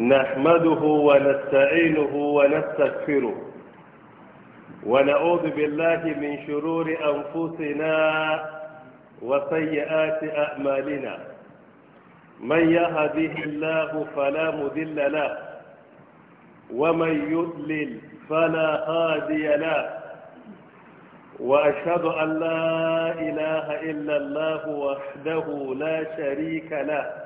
نحمده ونستعينه ونستغفره ونعوذ بالله من شرور أنفسنا وسيئات أعمالنا من يهده الله فلا مذل له ومن يضلل فلا هادي له وأشهد أن لا إله إلا الله وحده لا شريك له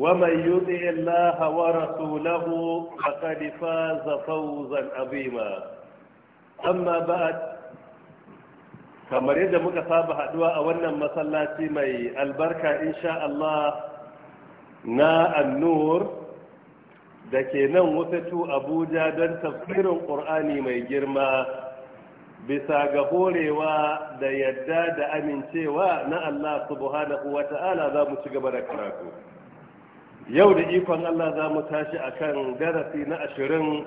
ومن يطع الله ورسوله فقد فاز فوزا عظيما أما بعد kamar yadda muka saba haduwa a wannan masallaci mai albarka insha Allah na annur da ke nan wasatu abuja don tafsirin ƙur'ani mai girma bisa ga horewa da yadda da amincewa na Allah subhanahu wa ta'ala za mu ci gaba da karatu yau da ikon Allah za mu tashi a kan darasi na ashirin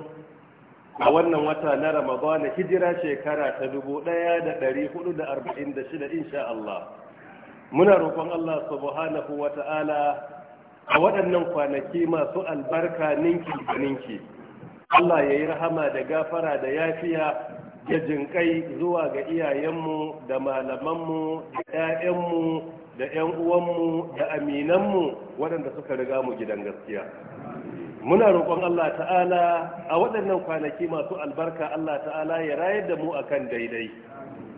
a wannan wata na ramadana hijira shekara ta dubu ɗaya da ɗari hudu da arba'in da shida insha Allah muna roƙon Allah subhanahu wa ta'ala a waɗannan kwanaki masu albarka ninki da ninki Allah ya yi rahama da gafara da yafiya da jinƙai zuwa ga iyayenmu da malamanmu da 'ya'yanmu da 'yan uwanmu da aminanmu waɗanda suka riga mu gidan gaskiya muna roƙon Allah ta'ala a waɗannan kwanaki masu albarka Allah ta'ala ya rayar da mu akan daidai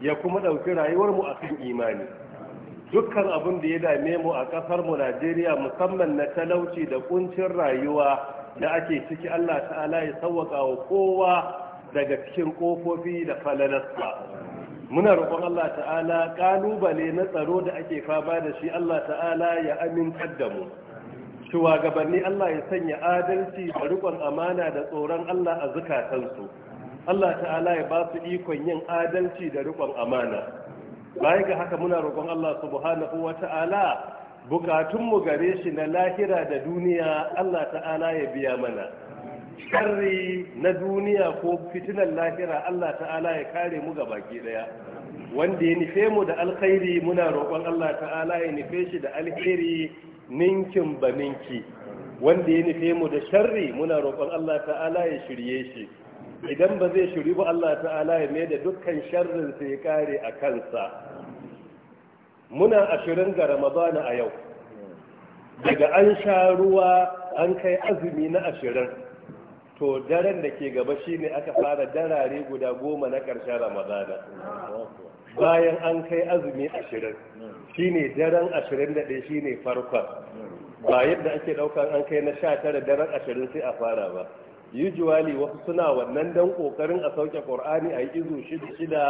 ya kuma ɗauki rayuwar mu akan imani dukkan abin da ya dame mu a ƙasar mu Najeriya musamman na talauci da kuncin rayuwa da ake ciki Allah ta'ala ya sawwaka wa kowa daga cikin kofofi da falalarsa muna roƙon Allah ta'ala kalubale na tsaro da ake fama da shi Allah ta'ala ya amintar da mu gabanni Allah ya sanya adalci da riƙon amana da tsoron Allah a zukatansu Allah ta'ala ya ba su ikon yin adalci da riƙon amana baya ga haka muna roƙon Allah subhanahu wa ta'ala bukatunmu gare shi na lahira da duniya Allah ta'ala ya biya mana sharri na duniya ko fitinan lahira Allah ta'ala ya kare mu ga baki daya wanda ya nufe mu da alkhairi muna roƙon Allah ta'ala ya nufe shi da alkhairi ninkin ba ninki wanda ya nufe mu da sharri muna roƙon Allah ta'ala ya shirye shi idan ba zai shiri ba Allah ta'ala ya mai da dukkan sharrin sa ya kare a kansa muna ashirin ga ramadana a yau daga an sha ruwa an kai azumi na ashirin to daren da ke gaba shine aka fara darare guda goma na ƙarshen ramadana bayan an kai azumi ashirin shine daren ashirin da ɗaya shine farkon ba yadda ake ɗaukar an kai na sha tara daren ashirin sai a fara ba usually wasu suna wannan dan ƙoƙarin a sauke ƙur'ani a yi izu shida shida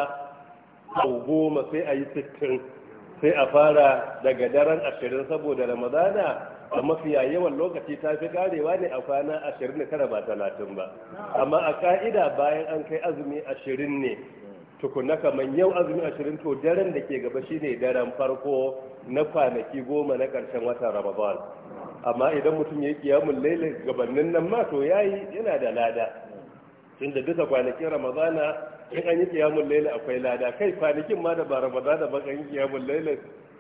sau goma sai a yi sittin sai a fara daga daren ashirin saboda ramadana a mafiya yawan lokaci ta fi karewa ne a kwana ashirin da tara ba talatin ba amma a ka'ida bayan an kai azumi ashirin ne tukuna kamar yau azumi ashirin to daren da ke gaba shine daren farko na kwanaki goma na karshen watan ramadan amma idan mutum ya yi kiyamun laila gabanin nan ma to ya yi yana da lada inda duka kwanakin ramadana in an yi kiyamun laila akwai lada kai kwanakin ma da ba ramadana ba kan yi kiyamun laila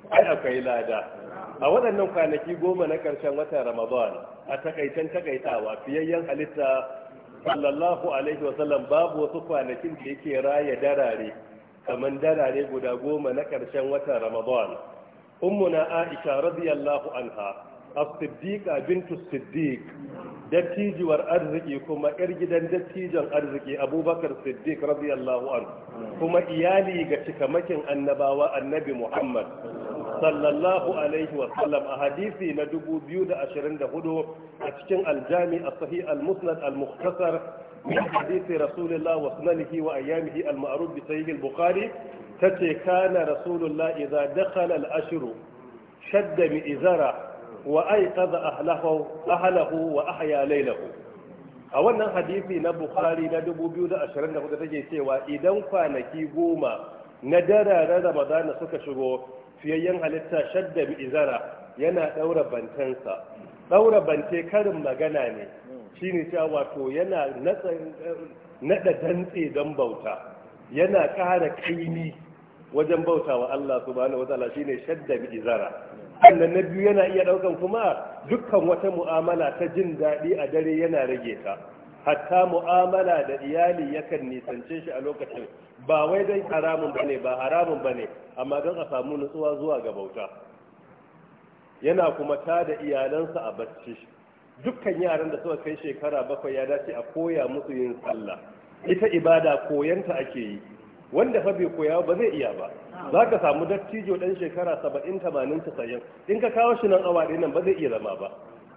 ai akwai lada a waɗannan kwanaki goma na ƙarshen watan ramadan a takaitan takaitawa fiyayyen halitta sallallahu alaihi wasallam babu wasu kwanakin da yake raya darare kamar darare guda goma na ƙarshen watan ramadan ummuna aisha radiyallahu anha as-siddiqa bintu siddiq dattijuwar arziki kuma ƴar gidan dattijon arziki abubakar siddiq radiyallahu anhu kuma iyali ga cikamakin annabawa annabi muhammad sallallahu alaihi wa sallam a hadisi na 2024 a cikin aljami a sahi al-musnad al-mukhtasar min hadisi rasulullah wa sunanihi wa ayyamihi al-ma'ruf bi sahih al-bukhari tace kana rasulullah idza dakhala al-ashru shadda bi izara wa ayqadha ahlahu ahlahu wa ahya laylahu a wannan hadisi na bukhari na 2024 take cewa idan kwanaki goma na dararen ramadana suka shigo fiyayyen halitta shadda izara yana daura bantansa daura bante karin magana ne shine cewa wato yana nada dantse don bauta yana kara kaini wajen bauta wa Allah subhanahu wa ta'ala shine shadda izara sannan na biyu yana iya daukan kuma dukkan wata mu'amala ta jin dadi a dare yana rage ta hatta mu'amala da iyali yakan nisance shi a lokacin ba wai don haramun bane ba haramun bane amma don a samu nutsuwa zuwa ga bauta yana kuma ta da iyalansa a bacci dukkan yaran da suka kai shekara bakwai ya dace a koya musu yin sallah ita ibada koyanta ake yi wanda fa bai koya ba zai iya ba za ka samu dattijo dan shekara saba'in tamanin tasa'in in ka kawo shi nan awa nan ba zai iya zama ba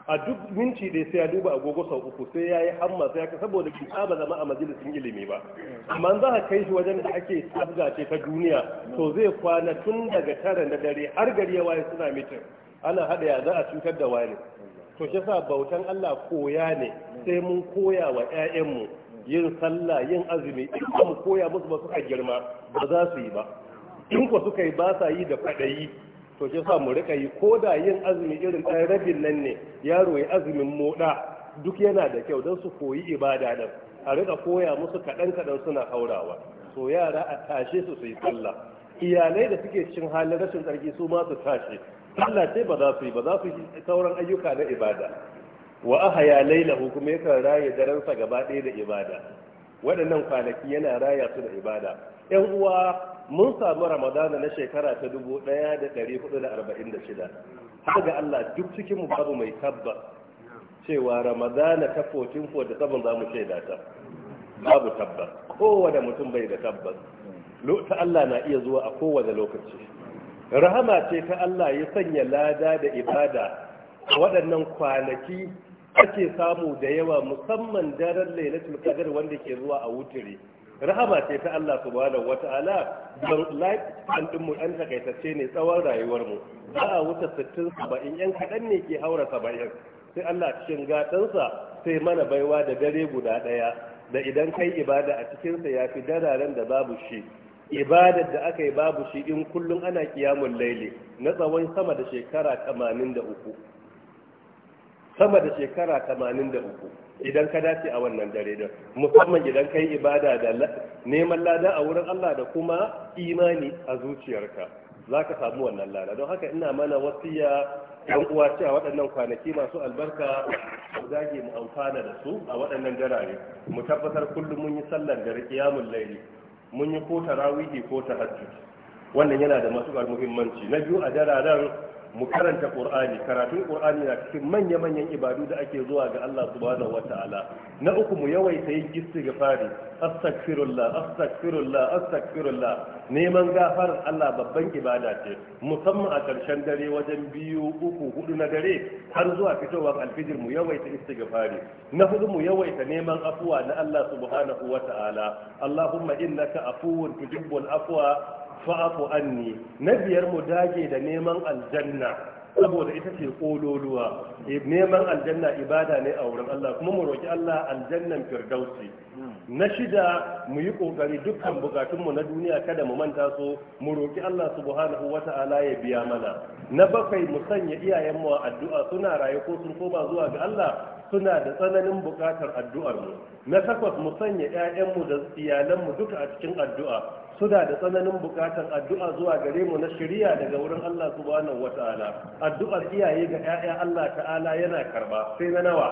a duk minti dai sai ya duba agogo sau uku sai ya yi hamma sai ya saboda ki ba zama a majalisin ilimi ba amma za a kai shi wajen da ake sabga ta duniya to zai kwana tun daga tara na dare har gari ya waye suna mitin ana haɗa ya za a cutar da wani to shi sa bautan Allah koya ne sai mun koya wa ƴaƴanmu yin sallah yin azumi in mu koya musu ba suka girma ba za su yi ba in ko suka yi ba sa yi da kwaɗayi to shi sa mu rika yi ko da yin azumi irin ɗan rabin nan ne yaro ya azumin moɗa duk yana da kyau don su koyi ibada din a rika koya musu kaɗan kaɗan suna haurawa so yara a tashe su su yi sallah iyalai da suke cikin halin rashin tsarki su ma su tashe sallah ce ba za su yi ba za su yi sauran ayyuka na ibada wa ahaya lailahu kuma yakan raye sa gaba ɗaya da ibada waɗannan kwanaki yana raya su da ibada yan uwa mun samu ramadana na shekara ta 1446 Har ga Allah duk cikin mu babu mai tabba cewa ramadana ta 1447 za mu shaida ta babu tabba kowane mutum bai da tabbas ta Allah na iya zuwa a kowane lokaci rahama ce ta Allah ya sanya lada da ibada waɗannan kwanaki ake samu da yawa musamman daren lailatul qadr wanda ke zuwa a wuturi rahama ce ta Allah subhanahu wata'ala don lifespan din mu an takaitacce ne tsawon rayuwar mu za a wuce 60 70 yan kadan ne ke haura 70 sai Allah cikin sa sai mana baiwa da dare guda daya da idan kai ibada a cikin sa yafi dararen da babu shi ibadar da aka yi babu shi in kullum ana kiyamun laili na tsawon sama da shekara 83 sama da shekara 83 idan ka dace a wannan dare da musamman idan ka yi ibada da neman lada a wurin Allah da kuma imani a zuciyarka za ka samu wannan lada don haka ina mana wasiya yan uwa ce a waɗannan kwanaki masu albarka mu zage mu amfana da su a waɗannan jarare mu tabbatar kullum mun yi sallar da qiyamul layli mun yi ko tarawihi ko tahajjud wannan yana da matuƙar muhimmanci na biyu a jararen mu karanta qur'ani karatun qur'ani na cikin manya manyan ibadu da ake zuwa ga Allah subhanahu wataala na uku mu yawaita yin istighfari astaghfirullah astaghfirullah astaghfirullah neman gafar Allah babban ibada ce musamman a karshen dare wajen biyu uku hudu na dare har zuwa fitowa alfijir mu yawaita istighfari na hudu mu yawaita neman afuwa na Allah subhanahu wataala Allahumma innaka afuwun tuhibbul afwa fa'afu anni na biyar mu dage da neman aljanna saboda ita ce kololuwa e, neman aljanna ibada ne a wurin Allah kuma mu roki Allah aljannan firdausi na shida mu yi kokari dukkan bukatunmu na duniya kada mu manta so mu roƙi Allah subhanahu Ta'ala ya biya mana na bakwai mu sanya iyayenmu a addu'a suna raye ko sun koma zuwa ga Allah suna da tsananin buƙatar addu'ar mu na takwas mu sanya ƴaƴanmu da iyalanmu duka a cikin addu'a suna da tsananin buƙatar addu'a zuwa gare mu na shirya daga wurin Allah subhanahu wata'ala addu'ar iyaye ga 'ya'ya Allah ta'ala yana karba sai na nawa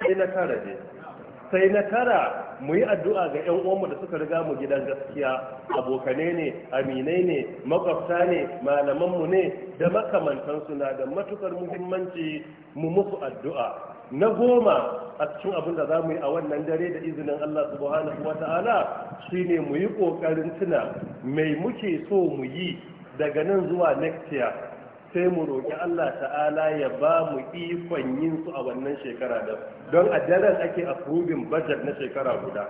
sai na tara mu yi addu'a ga 'yan uwanmu da suka riga mu gidan gaskiya abokane ne aminai ne makwabta ne malamanmu ne da makamantansu na da matukar muhimmanci mu musu addu'a na goma a cikin abin da za mu yi a wannan dare da izinin Allah subhanahu wa ta'ala ne mu yi ƙoƙarin tuna mai muke so mu yi daga nan zuwa next year sai mu roƙi Allah ta'ala ya ba mu ikon yin su a wannan shekara da don a daren ake approving budget na shekara guda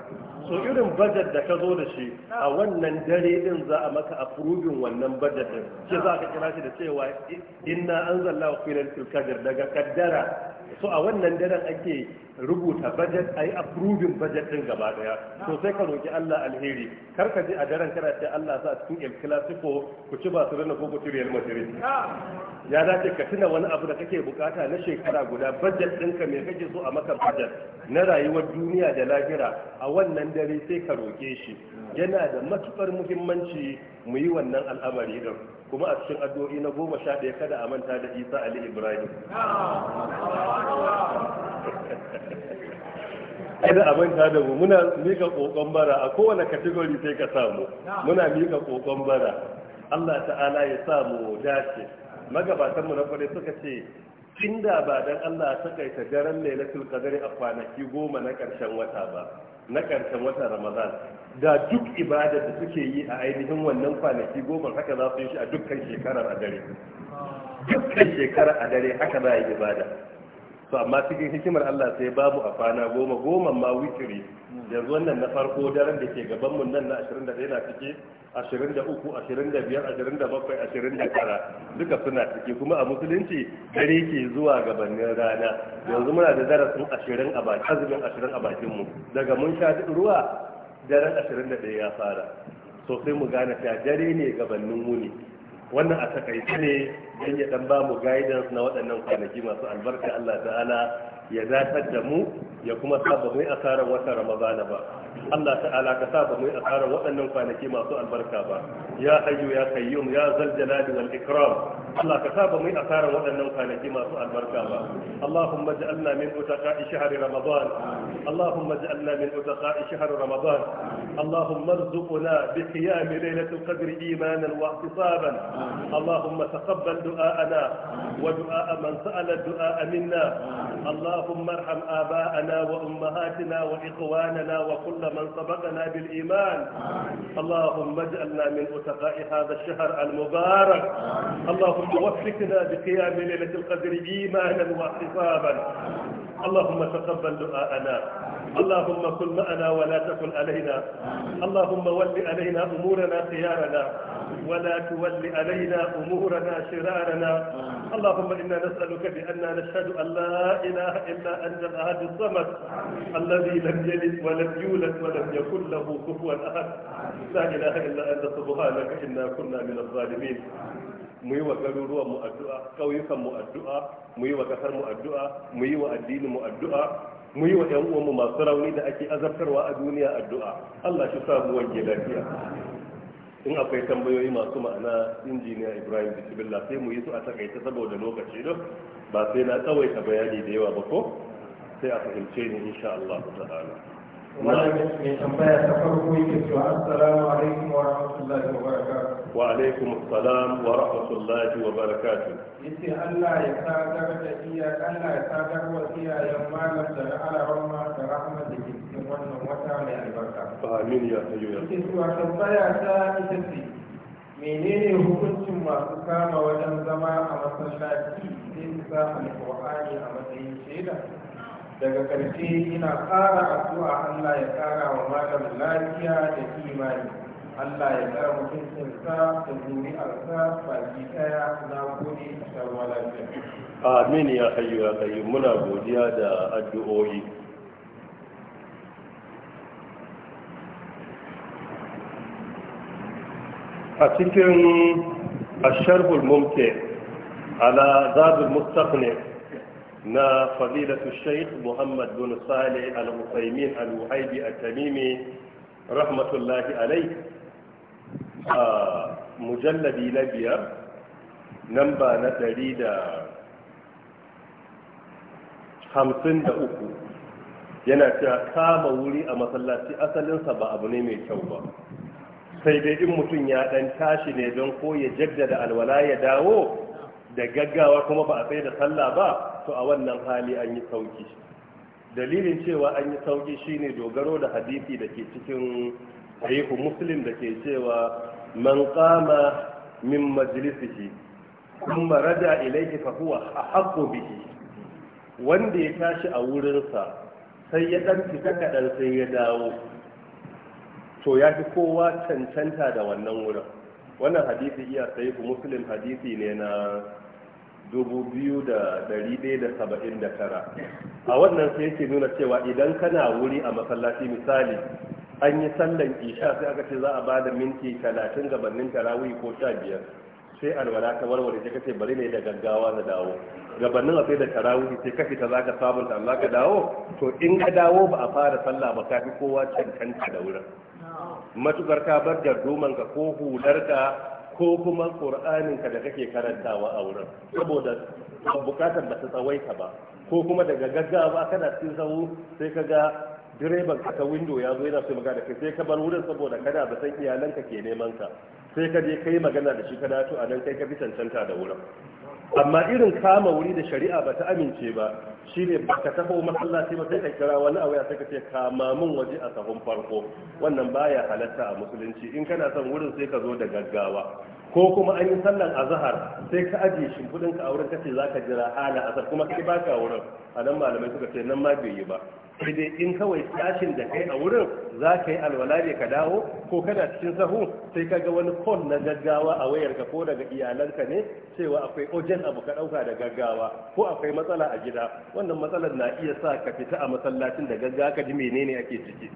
so irin budget da ka zo da shi a wannan dare din za a maka approving wannan budget din shi za ka kira shi da cewa inna anzalna fi lailatul qadr daga kaddara so a wannan daren ake rubuta budget ai approving budget din gaba daya to sai ka roki Allah alheri kar ka je a daren kana ce Allah sa cikin El Clasico ku ci ba su rana ko ku ci Real Madrid ya dace ka tuna wani abu da kake bukata na shekara guda budget ɗinka me kake so a maka maka fadar na rayuwar duniya da lahira a wannan dare sai ka roƙe shi yana da matuƙar muhimmanci mu yi wannan al'amari din kuma a cikin addu'o'i na goma sha ɗaya kada a manta da isa ali ibrahim kada a manta da mu muna mika ƙoƙon bara a kowane kategori sai ka samu muna mika ƙoƙon bara Allah ta'ala ya sa mu dace magabatanmu na kwarai suka ce inda ba dan Allah takaita daren lailatul qadari a kwanaki goma na karshen wata ba na karshen wata ramadan da duk ibada da suke yi a ainihin wannan kwanaki goma haka za su yi shi a dukkan shekarar a dare dukkan shekarar a dare haka za a yi ibada to amma cikin hikimar Allah sai babu a fana goma goma ma witiri yanzu wannan na farko daren da ke gaban mun nan na 21 na cike 23 25 27 29 duka suna cike kuma a musulunci dare ke zuwa gabanin rana yanzu muna da darasin 20 a bakin azumin 20 a bakin mu daga mun sha duk ruwa daren 21 ya fara so sai mu gane ta dare ne gabanin wuni wannan a takaice ne don ya dan ba mu guidance na waɗannan kwanaki masu albarka Allah ta'ala ya zatar da mu ya kuma sa ba yi asarar wata ramadana ba Allah ta'ala ka sa ba yi asarar waɗannan kwanaki masu albarka ba ya hayyu ya kayyum ya zal wal ikram الله كتاب من أثار وأنه كان كما سؤال مركبة اللهم اجعلنا من أتقاء شهر رمضان اللهم اجعلنا من أتقاء شهر رمضان اللهم ارزقنا بقيام ليلة القدر إيمانا واحتصابا اللهم تقبل دعاءنا ودعاء من سأل الدعاء منا اللهم ارحم آباءنا وأمهاتنا وإخواننا وكل من سبقنا بالإيمان اللهم اجعلنا من أتقاء هذا الشهر المبارك اللهم اللهم وفقنا بقيام ليلة القدر إيمانا واحتسابا اللهم تقبل دعاءنا اللهم كن معنا ولا تكن علينا اللهم ول علينا أمورنا خيارنا ولا تول علينا أمورنا شرارنا اللهم إنا نسألك بأننا نشهد أن لا إله إلا أنت الأحد الصمد الذي لم يلد ولم يولد ولم يكن له كفوا أحد لا إله إلا أنت سبحانك إنا كنا من الظالمين mu yi wa garuruwan mu addu'a ƙauyukan mu addu'a mu yi wa ƙasar mu addu'a mu yi wa addinin mu addu'a mu yi wa ƴan uwan mu masu rauni da ake azabtarwa a duniya addu'a Allah shi sa mu wanke lafiya in akwai tambayoyi masu ma'ana injiniya Ibrahim Bismillah sai mu yi su a takaice saboda lokaci don ba sai na tsawaita bayani da yawa ba ko sai a fahimce ni insha Allah ta'ala wannan mai tambaya ta farko yake cewa assalamu alaikum wa rahmatullahi wa barakatuh wa alaikum assalam wa rahmatullahi wa barakatuh yace Allah ya sadar da iya Allah ya sadar wa iyayen malam da alaran ma da rahmat da wannan wata mai albarka amin ya hayyu ya yace cewa tambaya ta ita ce menene hukuncin masu kama wajen zama a masallaci sai su sa alqur'ani a matsayin shaida daga karshe ina ƙara addu'a Allah ya ƙara wa malam lafiya da imani Allah ya ƙara mutuncinsa da zuri'arsa baki ɗaya na gode a shawarwa Amin ya hayyu ya hayyu muna godiya da addu'o'i. a cikin asharhul mumke ala zabin mustaqni na fadilatu sheikh muhammad bin salih al-usaimin al-wahidi at-tamimi rahmatullahi alai a mujalladi na biyar ba na ɗari da hamsin da uku yana cewa kama wuri a masallaci asalinsa ba abu ne mai kyau ba sai dai in mutum ya ɗan tashi ne don ko ya jaddada alwala ya dawo da gaggawa kuma ba a tsaye da sallah ba to a wannan hali an yi sauki dalilin cewa an yi sauki shine dogaro da hadisi da ke cikin sahihu muslim da ke cewa man qama min majlisihi kuma rada ilayhi fa huwa ahqqu bihi wanda ya tashi a wurinsa sai ya dan fita kadan sai ya dawo to ya fi kowa cancanta da wannan wurin wannan hadisi iya sai ku muslim hadisi ne na 2179 a wannan sai yake nuna cewa idan kana wuri a masallaci misali an yi sallan isha sai aka ce za a ba da minti 30 gabanin tarawih ko 15 sai alwala ta warware sai kace bari ne da gaggawa na dawo gabanin a sai da tarawih sai ka fita zaka sabunta Allah ka dawo to in ka dawo ba a fara sallah ba ka kowa cancanta da wurin matukar ka bar ka ko hularka ko kuma ka da kake karantawa a wurin saboda bukatar ba ta tsawaita ba ko kuma daga gaggawa kana cikin sahu sai ka ga direban ka ta window ya zo yana so magana da kai sai ka bar wurin saboda kana ba san iyalanka ke neman ka sai ka je kai magana da shi ka dato a nan kai ka bi cancanta da wurin amma irin kama wuri da shari'a ba ta amince ba ne ba ka taho masallaci ba sai ka kira wani abu ya saka ce kama mun waje a sahun farko wannan baya halatta a musulunci in kana son wurin sai ka zo da gaggawa ko kuma an yi sallan azhar sai ka ajiye kudin ka a wurin kace zaka jira hala asar kuma kai baka wurin a nan malamai suka ce nan ma bai yi ba sai dai in kawai tashin da kai a wurin za ka yi alwala ne ka dawo ko kana cikin sahu sai ka ga wani kon na gaggawa a wayarka ko daga iyalanka ne cewa akwai ojen abu ka ɗauka da gaggawa ko akwai matsala a gida wannan matsalar na iya sa ka fita a masallacin da gaggawa ka ji menene ake ciki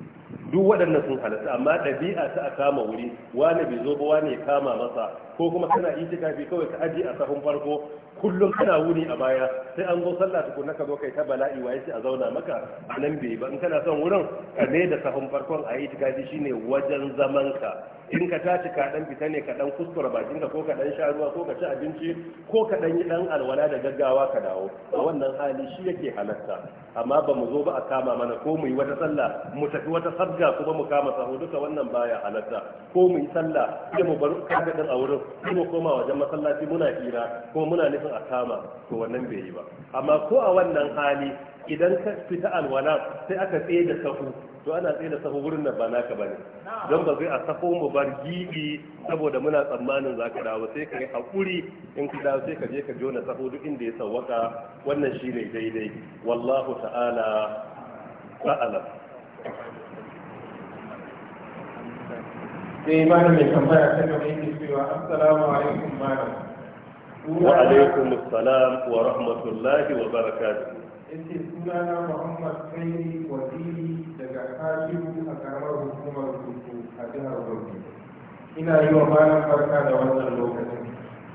duk waɗannan sun halatta amma ɗabi'a ta a kama wuri wani bai zo ba wani ya kama masa ko kuma kana kafi kawai ka aji a sahun farko kullum kana wuni a baya sai an zo sallah tukuna ka zo kai ta bala'i waye sai a zauna maka a nan bai ba in kana son wurin ka ne da sahun farko farkon a yi tikafi shine wajen zaman ka in ka tashi ka dan fita ne ka dan kuskura bakin ka ko ka dan sha ruwa ko ka ci abinci ko ka dan yi dan alwala da gaggawa ka dawo a wannan hali shi yake halatta amma ba mu zo ba a kama mana ko mu yi wata sallah mu tafi wata sabga kuma mu kama sahu duka wannan baya halatta ko mu yi sallah sai mu bar kaga dan a wurin sai mu koma wajen masallaci muna hira ko muna nufin a kama to wannan bai yi ba amma ko a wannan hali idan ka fita alwala sai aka tsaye da sahu to ana tsina da sahu wurin nan ba naka bane don ba zai a safo mu bar gibi saboda muna tsammanin za ka dawo sai ka yi hakuri in ka dawo sai ka je ka jona safo duk inda ya sawaka wannan shine daidai wallahu ta'ala ta'ala sai malam mai tambaya ta gaba yake cewa assalamu alaikum malam wa alaikum assalam wa rahmatullahi wa barakatuh suna sunana muhammad kai wakili daga kashiru a karamar hukumar kusu a jihar bauchi ina yi wa malam barka da wannan lokacin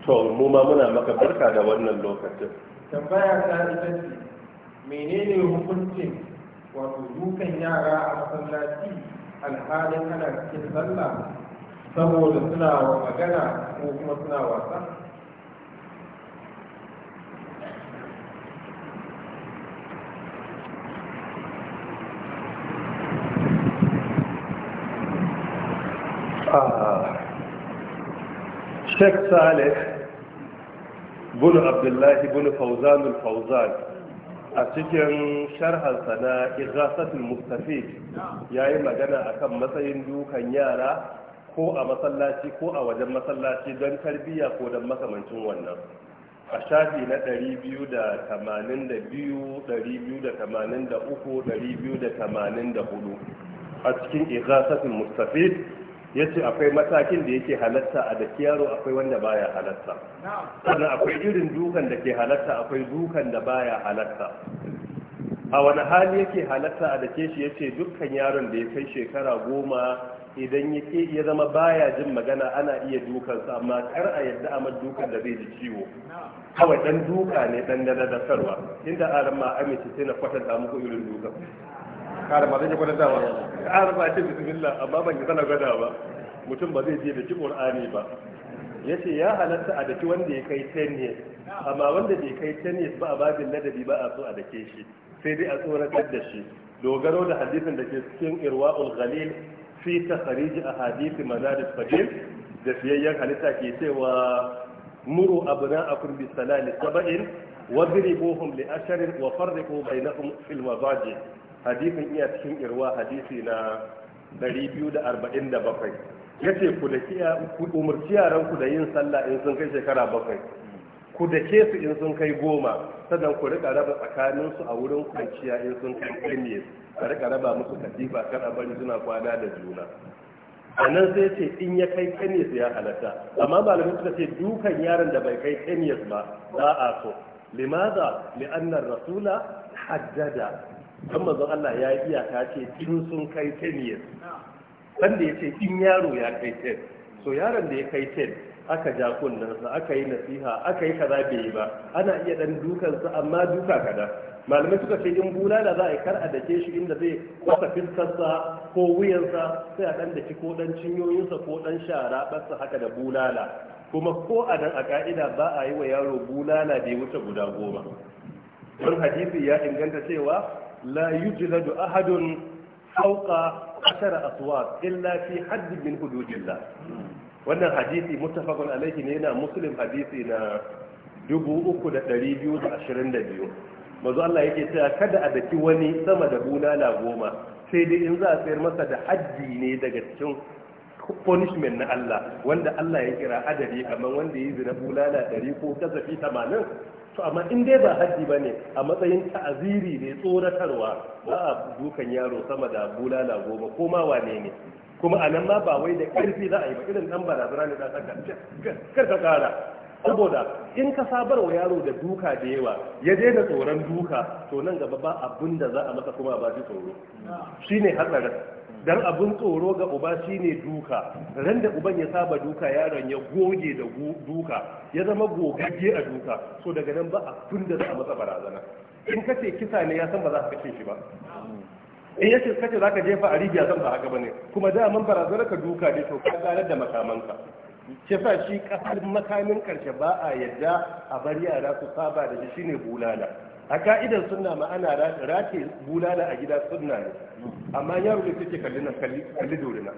to mu ma muna maka barka da wannan lokacin tambaya ta ita ce menene hukuncin wato dukan yara a masallaci alhalin ana cikin sallah saboda suna magana ko kuma suna wasa sheikh saleh bunu abdullahi bunu fauzanul fauzan a cikin sharhansa na igasatul mustafi ya yi magana akan matsayin dukan yara ko a masallaci ko a wajen masallaci don tarbiyya ko don makamancin wannan a shafi na 282 a cikin igasatul mustafi ya ce akwai matakin da yake halatta a daki yaro akwai wanda baya halatta sannan akwai irin dukan da ke halatta akwai dukan da baya halatta a wani hali yake halatta a dake shi ya ce dukkan yaron da ya kai shekara goma idan ya zama baya jin magana ana iya dukansa amma kar a yadda a dukan da zai ji ciwo kawai dan duka ne dan da dasarwa inda aran ma amince sai na kwatanta muku irin dukan kare ma zai gwada dawa kare ma ce bismillah amma ban yi sana gwada ba mutum ba zai je da ci qur'ani ba yace ya halatta a daki wanda ya kai 10 years amma wanda bai kai 10 years ba a babin ladabi ba a so a dake shi sai dai a tsoratar da shi dogaro da hadisin da ke cikin irwa'ul ghalil fi takhrij ahadith madad fadil da fiyayyen halitta ke cewa muru abna'akum bis salati sab'in wadribuhum li asharin wa farriqu bainahum fil mazaji hadisin iya cikin irwa hadisi na 247 yace ku da ku umurci yaran ku da yin sallah in sun kai shekara bakwai ku da ke su in sun kai goma sannan ku rika raba tsakanin su a wurin kwanciya in sun kai kirmiye a rika raba musu katifa kada bari suna kwana da juna a sai ce in ya kai kirmiye ya halatta amma malamin suka ce dukan yaron da bai kai kirmiye ba za a so limaza li'annar rasula haddada don mazan Allah ya yi iyaka ce in sun kai 10 years Wanda ya ce in yaro ya kai 10 so yaron da ya kai 10 aka ja kunnansa aka yi nasiha aka yi kaza bai ba ana iya dan dukansa amma duka kada malamai suka ce in bulala za a yi kar a dake shi inda zai kwasa fiskarsa ko wuyansa sai a dan daki ko dan cinyoyinsa ko dan shara ɓarsa haka da bulala kuma ko a nan a ka'ida ba a yi wa yaro bulala da ya wuce guda goma don hadisi ya inganta cewa la yujladu ahadun fawqa ashara aswat illa fi hadd min hududillah wannan hadisi muttafaqun alayhi ne yana muslim hadisi na da 3222 mazu Allah yake cewa kada a daki wani sama da bulala goma sai dai in za a sayar masa da haddi ne daga cikin punishment na Allah wanda Allah ya kira adadi kamar wanda ya zina bulala 100 ko kasafi tamanin. to amma in dai ba haddi ba ne a matsayin ta'aziri ne tsoratarwa ba a dukan yaro sama da bulala goma ko ma wane ne kuma a nan ma ba wai da ƙarfi za a yi ba irin ɗan barazana ne kar ka kara saboda in ka sabar wa yaro da duka da yawa ya daina tsoron duka to nan gaba ba abin da za a masa kuma ba shi tsoro shine hatsarin dan abin tsoro ga uba shine duka ran da uban ya saba duka yaron ya goge da duka ya zama gogagge a duka so daga nan ba a tunda za a masa barazana in kace kisa ne ya san ba za ka kace shi ba in yace kace za ka jefa a rijiya zan ba haka bane kuma da man barazana ka duka ne to ka ganar da makamanka shi sa shi kasar makamin karshe ba a yadda a bar yara su saba da shi shine bulala a ka'idar suna ma'ana ana rataye bulala a gida suna ne amma yaro ne suke kalli na kalli dorina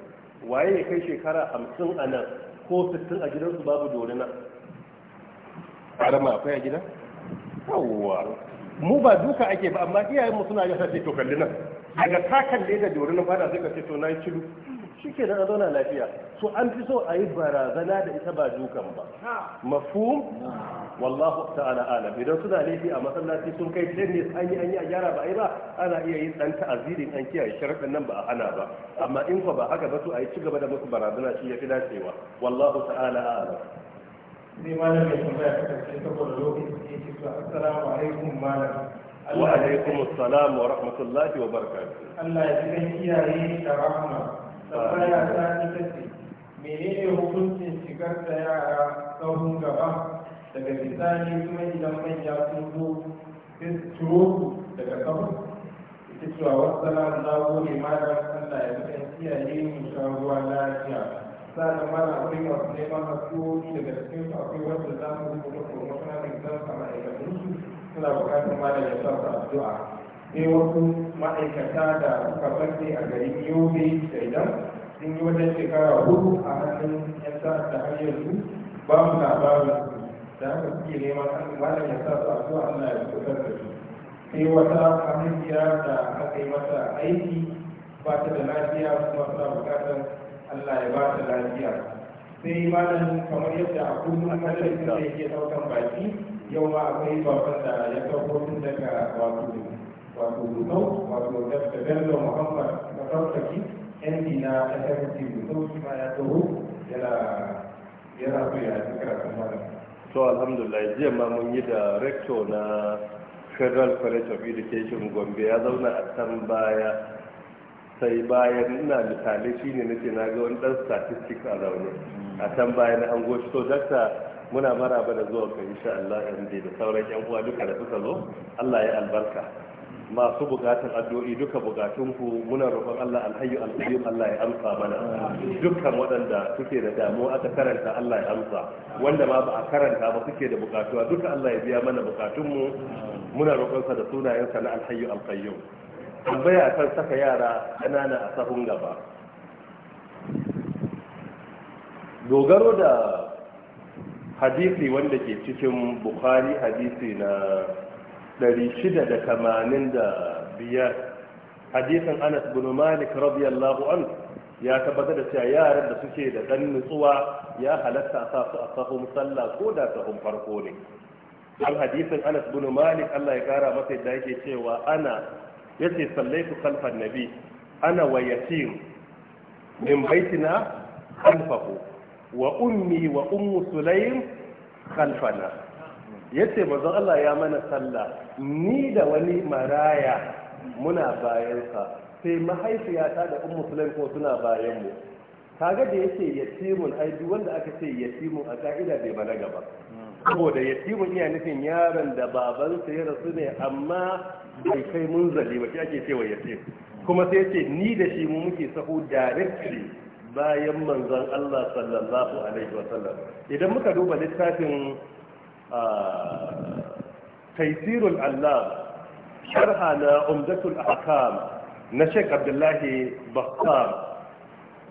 waye ya kai shekara hamsin a nan ko sittin a gidansu babu dorina a ma akwai a gida yawwa mu ba duka ake ba amma iyayenmu suna yasa ce to kalli nan daga ta kalli da dorina fada sai ka ce to na yi shiru shi ke da zauna lafiya so an fi so a yi barazana da ita ba dukan ba mafhum wallahu ta'ala alam idan suna laifi a masallaci sun kai ten ne an yi an yi a gyara ba a yi ba ana iya yin dan ta'azirin an kiyaye sharaɗin nan ba a hana ba amma in ko ba haka ba to a yi ci gaba da musu barazana shi ya fi dacewa wallahu ta'ala alam sai malam ya tambaya ta karshe saboda lokaci ke cewa assalamu alaikum malam wa alaikum assalam wa rahmatullahi wa barakatuh Allah ya ji iyaye da rahama tambaya ta ita ce menene hukuncin shigar da yara saurin gaba daga bisani kuma idan manya sun zo sai su daga kafa ita cewa wasu salam na gode malam allah ya fi kiyaye mu sha ruwa lafiya sa'an mara akwai masu neman hasuwoyi daga cikin akwai wanda za mu rubuta kuma kuma kana mai zan sama kuma suna bukatar malam ya sa addu'a sai wasu ma'aikata da suka bace a garin yobe shaidan sun yi wajen shekara hudu a hannun yan sa'ad da har yanzu ba mu labarin su da haka suke neman hannun malam ya sa su a zuwa allah ya fitar da su sai wata mahaifiya da aka yi mata aiki ba ta da lafiya kuma suna bukatar allah ya ba ta lafiya sai malam kamar yadda a kullum madarasin da yake daukan baki yau ma akwai babban da ya sauko tun daga wato wato gusau wato da bello muhammad na sautaki yanki na sfc gusau shi ma ya taho yana yana so ya yi karatun malam to alhamdulillah jiya ma mun yi da rector na federal college of education gombe ya zauna a can baya sai bayan ina misalai shine nake na ga wani dan statistics a zaune a can na an goshi to dakta muna maraba da zuwa ka insha Allah yanzu da sauran yan uwa duka da suka zo Allah ya albarka masu bukatun addu'o'i duka bukatunku muna roƙon Allah alhayyu alqayyum Allah ya amsa mana dukkan waɗanda suke da damuwa aka karanta Allah ya amsa wanda ma ba a karanta ba suke da bukatuwa duka Allah ya biya mana bukatunmu muna roƙon sa da sunayen sa na alhayyu alqayyum tambaya kan saka yara ƙanana a sahun gaba dogaro da hadisi wanda ke cikin bukhari hadisi na 685 hadisin anas bin malik radiyallahu an ya tabbatar da cewa yaran da suke da dan nutsuwa ya halatta a sa a sahun sallah ko da sahun farko ne al hadisin anas bin malik Allah ya kara masa yadda yake cewa ana yace sallaitu khalfan nabi ana wa yatim min baitina khalfahu wa ummi wa ummu sulaym khalfana yace manzon Allah ya mana sallah ni da wani maraya muna bayansa sai mahaifiyata da ummu sulaim ko suna bayan mu kaga da yace yatimun ai duk wanda aka ce yatimun a ka'ida bai balaga ba saboda yatimun iya nufin yaron da babansa ya rasu ne amma bai kai munzali ba ake cewa yatim kuma sai yace ni da shi mu muke sahu directly bayan manzon Allah sallallahu alaihi wasallam idan muka duba littafin taisirul allah sharha na umdatul ahkam na Sheikh Abdullahi Bakkar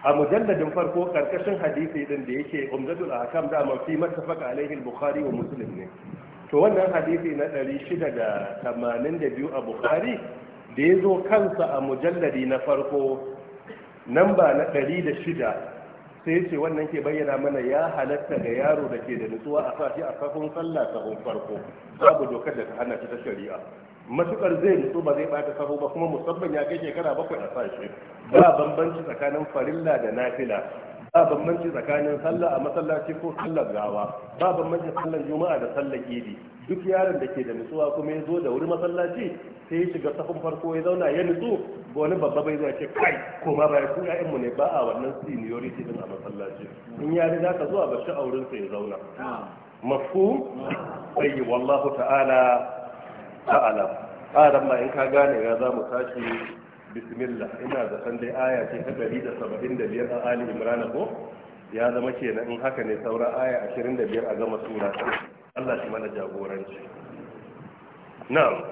a mujalladin farko karkashin hadisi din da yake umdatul ahkam da ma fi mattafaqa alaihi al-bukhari wa muslim ne to wannan hadisi na 682 a bukhari da ya zo kansa a mujalladi na farko namba na shida. sai ce wannan ke bayyana mana ya halatta ga yaro da ke da nutsuwa a sashi a kafin sallah sahun farko babu dokar da ta hana ta shari'a matukar zai nutsu ba zai bata sahu ba kuma musamman ya kai shekara bakwai a sashi ba bambanci tsakanin farilla da nafila ba bambanci tsakanin sallah a masallaci ko sallar gawa ba bambanci sallar juma'a da sallar idi duk yaron da ke da nutsuwa kuma ya zo da wuri masallaci sai ya shiga safin farko ya zauna ya nutsu ba wani babba bai zuwa ce kai ko ma bai ku ne ba a wannan seniority din a masallaci in ya riga ka zuwa bashi auren sa ya zauna mafu sai wallahu ta'ala ta'ala ƙaran ma in ka gane ya za mu tashi bismillah ina zaton dai aya ce ta 175 a ali imrana ko ya zama kenan in haka ne saura aya 25 a gama sura Allah shi mana jagoranci na'am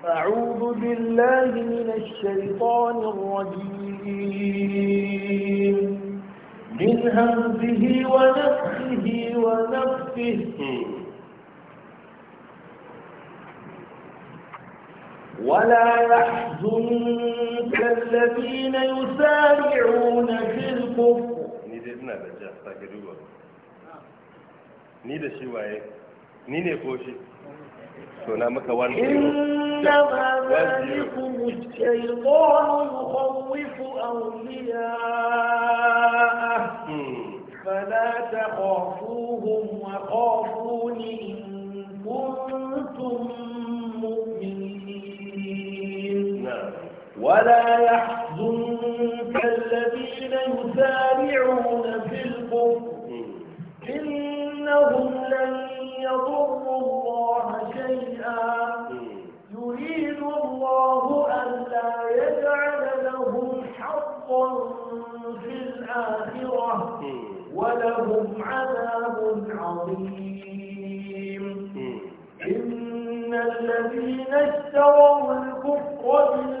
أعوذ بالله من الشيطان الرجيم من همزه ونفسه ونفسه ولا يحزنك الذين يسارعون في الكفر ni dai ina da ja ta ga ni da shi waye ni ne ko shi to na maka wani inna ma zalikum shaytanu yukhawwifu awliya'a فلا تخافوهم وخافون إن كنتم ولا يحزنك الذين يسارعون في الكفر إنهم لن يضروا الله شيئا يريد الله ألا يجعل لهم حظا في الآخرة ولهم عذاب عظيم إن الذين اشتروا الكفر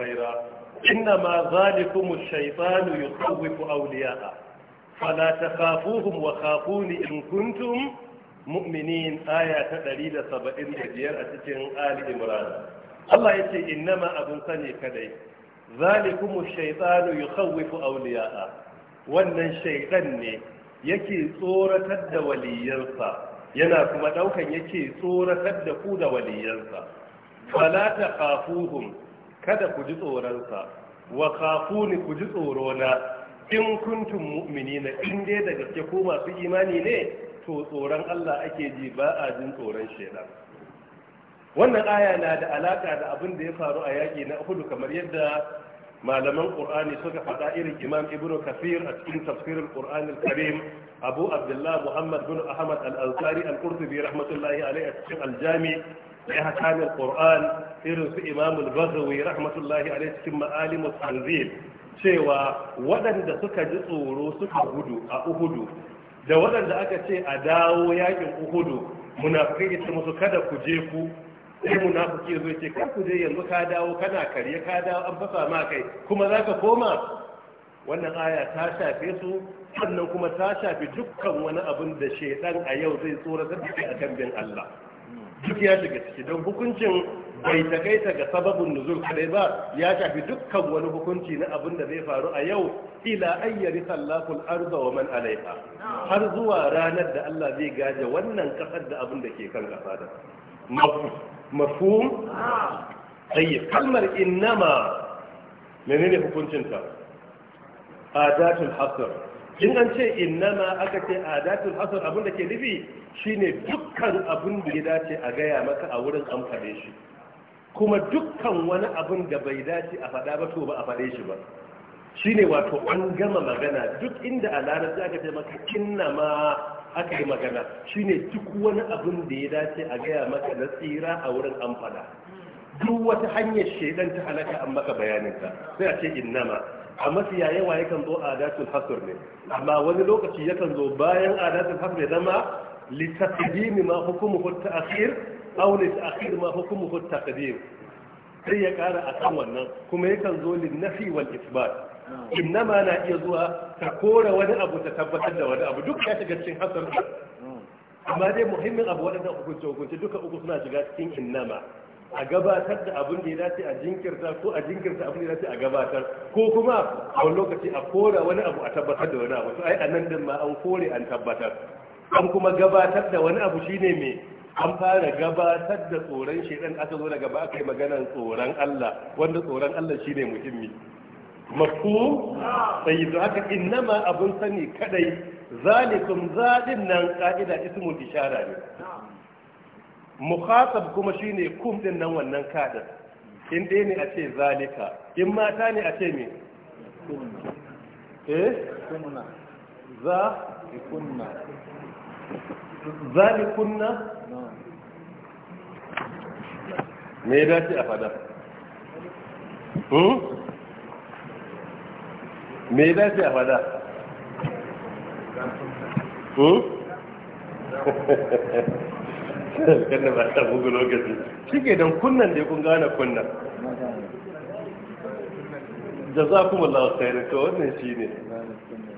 خيرا إنما ذلكم الشيطان يخوف أولياءه فلا تخافوهم وخافوني إن كنتم مؤمنين آية دليل سبعين ديار أتتين آل إمران الله يتي إنما أبن سني كدي ذلكم الشيطان يخوف أولياءه wannan shaidan ne yake tsoratar da waliyansa yana kuma daukan yake tsoratar da ku da waliyansa fala taqafuhum kada ku ji tsoronsa wa khafuni ku ji tsorona in kuntum na in dai da gaske ko masu imani ne to tsoron Allah ake ji ba a jin tsoron shaidan wannan aya na da alaka da abin da ya faru a yaƙi na hudu kamar yadda malaman qur'ani suka faɗa irin imam ibnu kafir a cikin tafsirin qur'anil karim abu abdullah muhammad bin ahmad al-ansari al-qurtubi rahmatullahi alaihi a cikin al-jami' da ahkamil qur'an irin su imam al-bazawi rahmatullahi alaihi cikin ma'alim tanzil cewa waɗanda suka ji tsoro suka gudu a uhudu da waɗanda aka ce a dawo yakin uhudu muna ita musu kada ku je ku sai munafiki zai ce kar ku je yanzu ka dawo kana karye ka dawo an fasa ma kai kuma za ka koma wannan aya ta shafe su sannan kuma ta shafi dukkan wani abin da shedan a yau zai tsoratar da kai kan bin Allah duk ya shiga ciki don hukuncin bai takaita ga sababin nuzul kadai ba ya shafi dukkan wani hukunci na abin da zai faru a yau ila ayyari sallakul arza wa man alaiha har zuwa ranar da Allah zai gaje wannan kasar da abin da ke kan kasa da mafhum ayi kalmar innama menene hukuncin ta adatul hasr in an ce innama aka ce a datin hasar abin da ke nufi shine dukkan abin da ya dace a gaya maka a wurin an faɗe shi kuma dukkan wani abin da bai dace a faɗa ba to ba a faɗe shi ba shine wato an gama magana duk inda a larabci aka ce maka innama aka yi magana shine duk wani abin da ya dace a gaya maka na tsira a wurin an faɗa duk wata hanyar shaidan ta halaka an maka bayanin bayaninta sai a ce innama a mafiya yawa yakan zo adatul hasr ne amma wani lokaci yakan zo bayan adatul hasr ya zama litaqdim ma hukmuhu at-ta'khir aw lita'khir ma hukmuhu at-taqdim sai ya kara akan wannan kuma yakan zo lin nafi wal isbat innama na iya zuwa ta kora wani abu ta tabbatar da wani abu duk ya shiga cikin hasr hmm. amma dai muhimmin abu waɗannan hukunce hukunce duka uku suna shiga cikin innama a gabatar da abin da ya dace a jinkirta ko a jinkirta abin da ya dace a gabatar ko kuma a wani lokaci a kora wani abu a tabbatar da wani abu to ai a din ma an kore an tabbatar an kuma gabatar da wani abu shine me an fara gabatar da tsoron shedan aka zo daga ba kai maganar tsoron Allah wanda tsoron Allah shine muhimmi mafu sai to haka innama abun sani kadai zalikum zadin nan ka'ida ismul ishara ne mukhatab kuma shine kum din nan wannan kadin in dai ne a ce zalika in mata ne a ce me eh kunna za kunna zalikunna me ya dace a fada hmm? me ya dace a fada hmm? kan ba ta bugu lokaci shike dan kunnan da kun gane kunnan Da za jazakumullahu khairan to wannan shine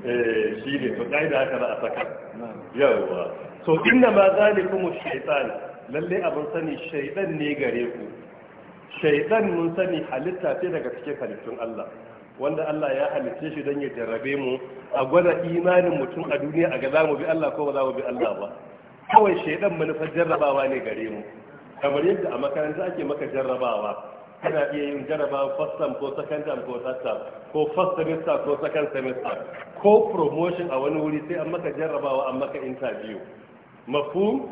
eh shine to kaida haka za a saka Yawwa. to inna ma zalikum shaytan lalle abin sani shaitan ne gare ku Shaitan mun sani halitta ce daga cikin halittun Allah wanda Allah ya halitte shi don ya jarrabe mu a gwada imanin mutum a duniya a ga za mu bi Allah ko ba za mu bi Allah ba kawai shaidan manufar jarrabawa ne gare mu kamar yadda a makaranta ake maka jarrabawa kana iya yin jarrabawa first term ko second term ko third ko first semester ko second semester ko promotion a wani wuri sai an maka jarrabawa an maka interview mafu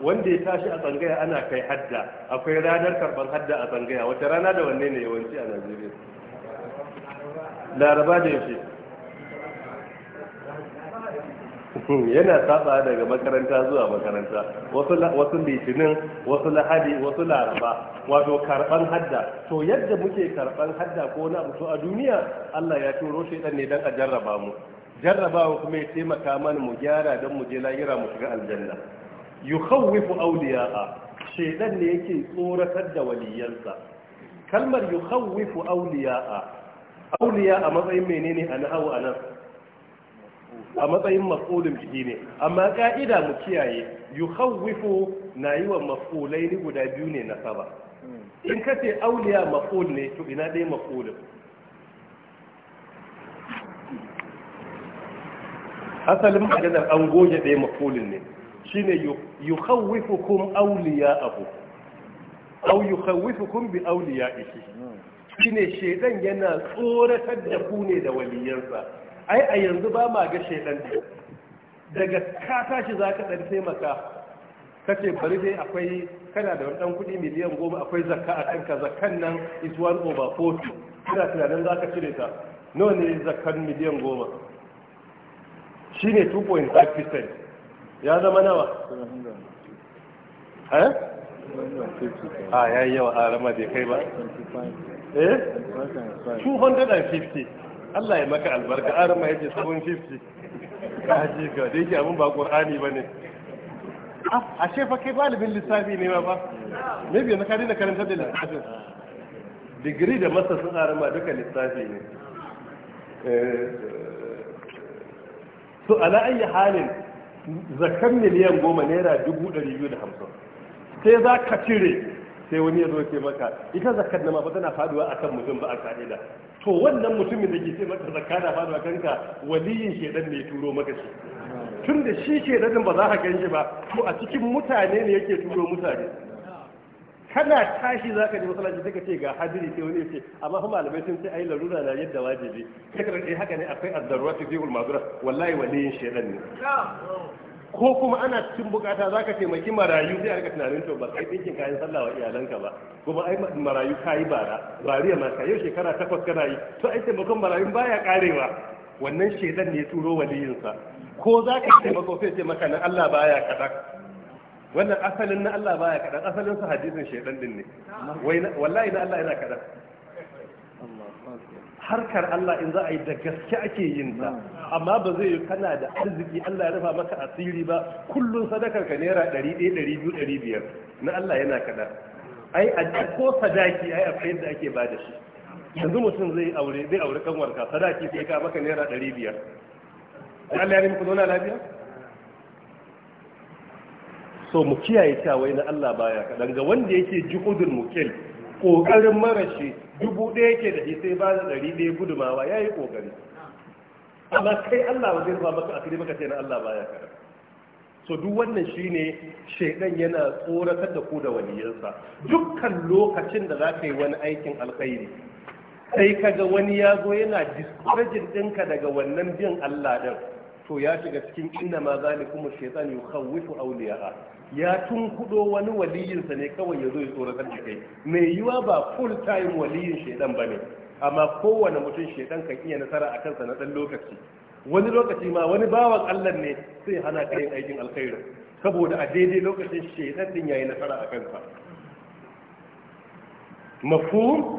wanda ya tashi a tsangaya ana kai hadda akwai ranar karban hadda a tsangaya wata rana da wanne ne yawanci a najeriya laraba da yaushe yana tsatsa daga makaranta zuwa makaranta wasu litinin wasu lahadi wasu laraba wato karban hadda to yadda muke karban hadda ko na to a duniya Allah ya turo shi ne dan a jarraba mu jarrabawa kuma ya taimaka mana mu gyara dan mu je lahira mu shiga aljanna yukhawwifu awliya'a shedan ne yake tsoratar da waliyansa kalmar yukhawwifu awliya'a awliya a matsayin menene a nahawu nan? a matsayin maf'ulun bihi ne amma ka'ida mu kiyaye yukhawwifu na yi wa maf'ulai ne guda biyu ne na saba in ka ce auliya maf'ul ne to ina dai maf'ulun asalin maganar an goge ɗaya maf'ulin ne shine abu awliya'ahu aw kun bi ishi. shine shedan yana tsoratar da ku ne da waliyansa ai a yanzu ba ma ga shaidan daga ka tashi za ka ɗan taimaka ka ce bari dai akwai kana da ɗan kuɗi miliyan goma akwai zakka a kanka zakkan nan is one over forty kira tunanin za ka cire ta nawa ne zakkan miliyan goma shi ne 2.5% ya zama nawa eh? ah, a yayi yawa a ah, rama bai kai ba eh 250 Allah ya maka albarka arma yake yace 750 kaji ka da yake abin ba qur'ani bane a ah, ce fa kai balibin lissafi ne ma ba me bi na kare da karanta da lissafi digiri da masa sun arama duka lissafi ne so eh, ala ayi halin zakan miliyan goma naira dubu ɗari biyu da hamsin sai za ka cire sai wani ya zo ke maka ita zakar na ma ba tana faduwa akan mutum ba a ka'ida to wannan mutumin da ke ce maka zakka na faduwa kanka waliyin shedan ne turo maka shi tun da shi shedanin ba za ka gan shi ba ko a cikin mutane ne yake turo mutane kana tashi za ka ji masallaci daga ce ga hadiri sai wani ya ce amma fa malamai sun ce ai larura na yadda wajibi sai ka eh, haka ne akwai azdaruratu fi ulmazura wallahi waliyin shedan ne ko kuma ana cikin bukata za ka taimaki marayu zai harka tunanin to ba kai ɗinkin kayan sallah wa iyalanka ba kuma ai marayu kayi bara bariya ma ka yau shekara takwas kana yi to ai taimakon marayu baya karewa wannan shedan ne turo sa ko za ka taimako sai ce maka na Allah baya kaɗan wannan asalin na Allah baya kaɗan asalin sa hadisin shedan din ne wallahi na Allah yana kaɗan harkar Allah in za a yi da gaske ake yin sa amma ba zai yi kana da arziki Allah ya rufa maka asiri ba kullun sadakar ka naira 100 200 500 na Allah yana kada ai a ko sadaki ai fayyar yadda ake ba da shi yanzu mutum zai aure zai aure ka sadaki sai ka maka naira 500 Allah ya rinku zauna lafiya so mu kiyaye cewa na Allah baya kadan ga wanda yake juhudul mukil ƙoƙarin marashi dubu ɗaya ke da sai ba da ɗari ɗaya gudumawa ya yi ƙoƙari amma kai allah wajen ba maka asiri maka ce na allah baya kara so duk wannan shi ne shaidan yana tsoratar da ku da waliyarsa, dukkan lokacin da za ka yi wani aikin alkhairi sai ka ga wani ya zo yana discouraging ɗinka daga wannan bin allah ɗin to ya shiga cikin inna ma zalikum shaitan yukhawwifu awliya'a ya tun kudo wani waliyinsa ne kawai ya zo ya tsoratar da kai mai yiwa ba full time waliyin shaidan ba ne amma kowane mutum shaidan kan iya nasara a kansa na ɗan lokaci wani lokaci ma wani bawan allah ne sai hana ka aikin alkhairi saboda a daidai lokacin shaidan din yi nasara a kansa mafhum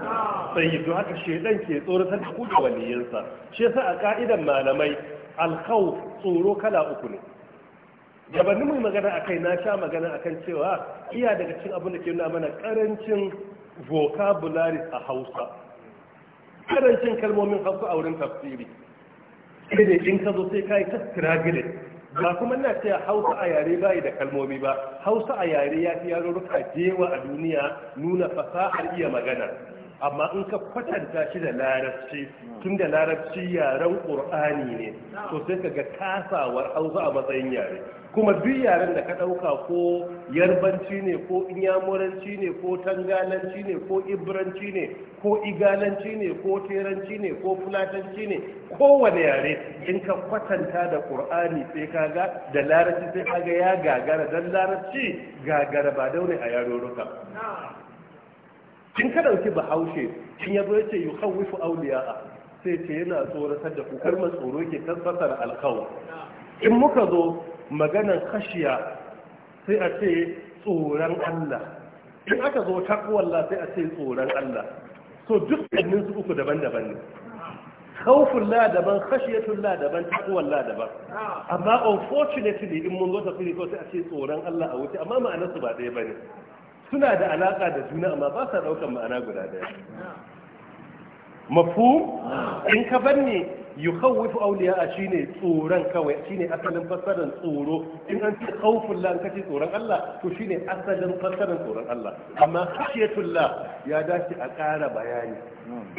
sai to haka shaidan ke tsoratar da kudo da waliyinsa shi yasa a ka'idan malamai alkhawf tsoro kala uku ne gabanin mai magana a kai na sha magana a kan cewa iya daga cin abin da ke nuna mana karancin vocabularies a hausa karancin kalmomin hausa a wurin tafsiri sai da in ka zo sai ka yi ta stragile ba kuma ina cewa hausa a yare bayi da kalmomi ba hausa a yare ya fi ruka jewa a duniya nuna fasahar iya magana amma in ka kwatanta shi da larabci tun da larabci yaren ƙur'ani ne to sai ka ga kasawar hausa a matsayin yare kuma duk yaren da ka ɗauka ko yarbanci ne ko inyamuranci ne ko tangalanci ne ko ibranci ne ko igalanci ne ko teranci ne ko fulatanci ne kowane yare in ka kwatanta da ƙur'ani sai ka ga da larabci sai ka ga ya gagara don larabci gagara ba daure a yarurruka in ka ɗauki bahaushe in ya yace ya ce sai ce yana tsoratar da kukar tsoro ke tabbatar alkawar in muka zo maganan kashiya sai a ce tsoron Allah in aka zo takwalla sai a ce tsoron Allah so dukkanin su uku daban-daban ne khawfun la daban khashiyatun la daban takwalla daban amma unfortunately in mun zo ta fili ko sai a ce tsoron Allah a wuce amma ma'anar su ba ɗaya bane suna da alaka da juna amma ba sa daukan ma'ana guda ɗaya mafhum in ka banne yukhawwifu awliya shine tsoron kawai shine asalin fassarar tsoro in an ce khawful la kace tsoron Allah to shine asalin fassarar tsoron Allah amma khashiyatul la ya dace a ƙara bayani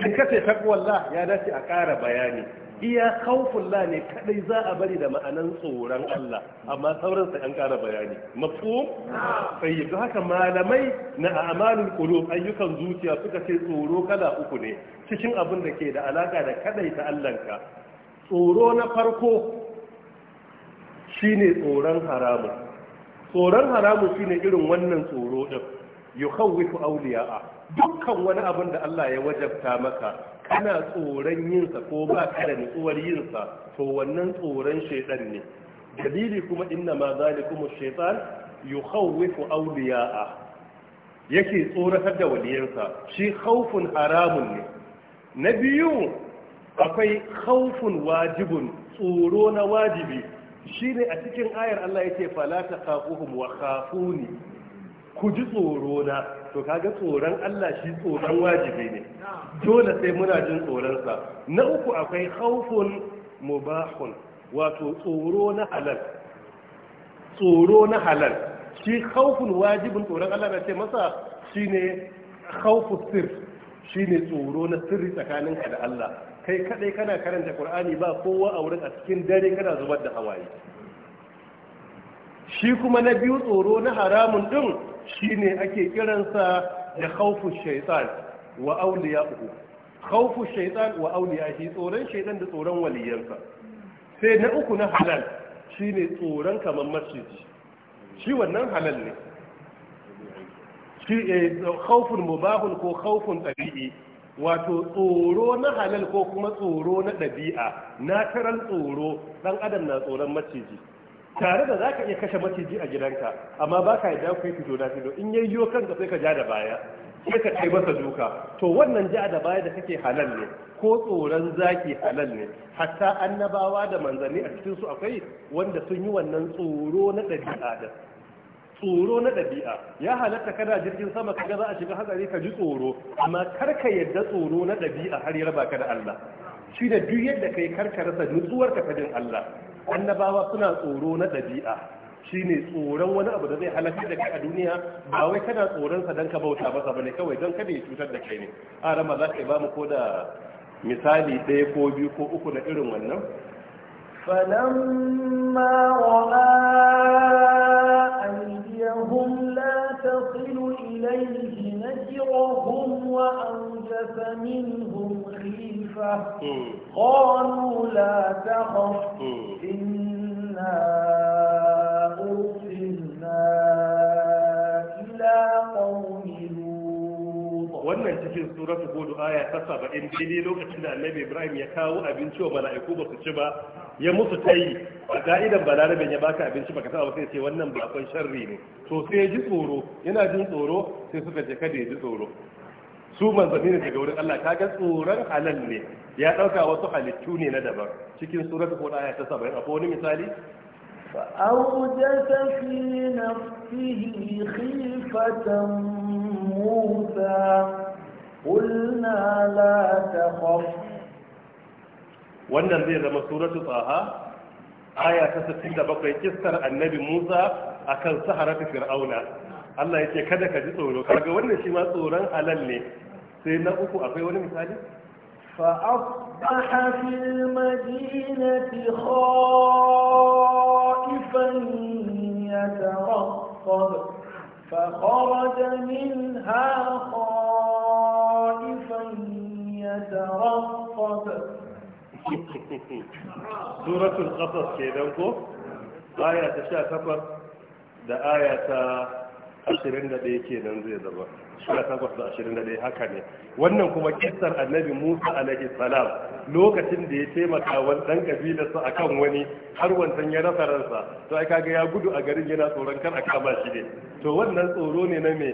in kace taqwallah ya dace a ƙara bayani iya khawfullah ne kadai za a bari da ma'anan tsoron Allah amma sauran sa an ƙara bayani mafu sai yadda haka malamai na a'malul qulub ayyukan zuciya suka ce tsoro kala uku ne cikin abin da ke da alaka da kadai ta Allahnka tsoro na farko shine tsoron haramun tsoron haramun shine irin wannan tsoro din yukhawwifu awliya'a dukkan wani abin da Allah ya wajabta maka kana tsoron yin sa ko ba ka da nutsuwar yin sa to wannan tsoron shaytan ne dalili kuma inna ma zalikum ash-shaytan yukhawwifu awliya'a yake tsoratar da waliyansa shi khawfun haramun ne na biyu akwai khawfun wajibun tsoro na wajibi shine a cikin ayar Allah yake fala takhafuhum wa khafuni ku ji tsoro na to kaga tsoron Allah shi tsoron wajibi ne dole sai muna jin tsoronsa na uku akwai khawfun mubahun wato tsoro na halal tsoro na halal shi khawfun wajibin tsoron Allah na ce masa shine khawfu sir shine tsoro na sirri tsakaninka da Allah kai kadai kana karanta Qur'ani ba kowa a wurin a cikin dare kana zubar da hawaye shi kuma na biyu tsoro na haramun din Shi ne ake kiransa da khaufin shaitan wa auliya uku. Khaufin shaitan wa auliya shi tsoron shaitan da tsoron waliyarsa sai na uku na halal shi ne tsoron kamar masjidi shi wannan halal ne shi eh, khawfun mubahun ko khaufin ɗari'i wato tsoro na halal ko kuma tsoro na ɗabi'a natural tsoro ɗan adam na tsoron maciji tare da za ka iya kashe maciji a gidanka amma ba baka yadda ku yi fito na fito in yayi yo kanka sai ka ja da baya sai ka kai masa duka to wannan ja da baya da kake halal ne ko tsoron zaki halal ne hatta annabawa da manzanni a cikin su akwai wanda sun yi wannan tsoro na ɗabi'a da tsoro na ɗabi'a ya halatta kana jirgin sama kaga za a shiga hatsari ka ji tsoro amma kar ka yadda tsoro na ɗabi'a har ya raba ka da Allah shi da duk yadda kai ka rasa nutsuwar ka jin Allah annabawa suna tsoro na ɗabi'a shine tsoron wani abu da zai halarci da kai a duniya ba wai kana tsoron sa dan ka bauta masa ba ne kawai don kada ya cutar da kai ne a rama za ka ba mu ko da misali ɗaya ko biyu ko uku na irin wannan إنهم لا تصل إليه نجرهم وأوجس منهم خيفة قالوا لا تخف إنا أرسلنا إلى قوم wannan cikin suratul hud aya ta 70 daidai lokacin da annabi Ibrahim ya kawo abinci wa mala'iku ba su ci ba ya musu tayi ka'idan ka'idan balarabe ya baka abinci ba baka saba sai ce wannan akwai sharri ne to sai ya ji tsoro yana jin tsoro sai suka ce kada ya ji tsoro su manzanni ne daga wurin Allah kaga tsoron halal ne ya dauka wasu halittu ne na daban cikin suratul hud ta 70 akwai wani misali فأوجس fi nafsihi khifatan موسى qulna la تخف wannan zai zama suratu tsaha aya ta 67 kissar annabi Musa akan saharatu Fir'auna Allah yake kada ka ji tsoro kaga wannan shi ma tsoron halal ne sai na uku akwai wani misali فأصبح في المدينة خائفا يترقب فخرج منها خائفا يترقب suratul qasas kenan ko aya ta 18 da aya ta 21 kenan zai zama 18 da 21 haka ne wannan kuma kissar annabi Musa alaihi salam lokacin da ya taimaka wa dan kabilarsa akan wani har wancan ya rasa ransa to ai kaga ya gudu a garin yana tsoron kar a kama shi ne to wannan tsoro ne na me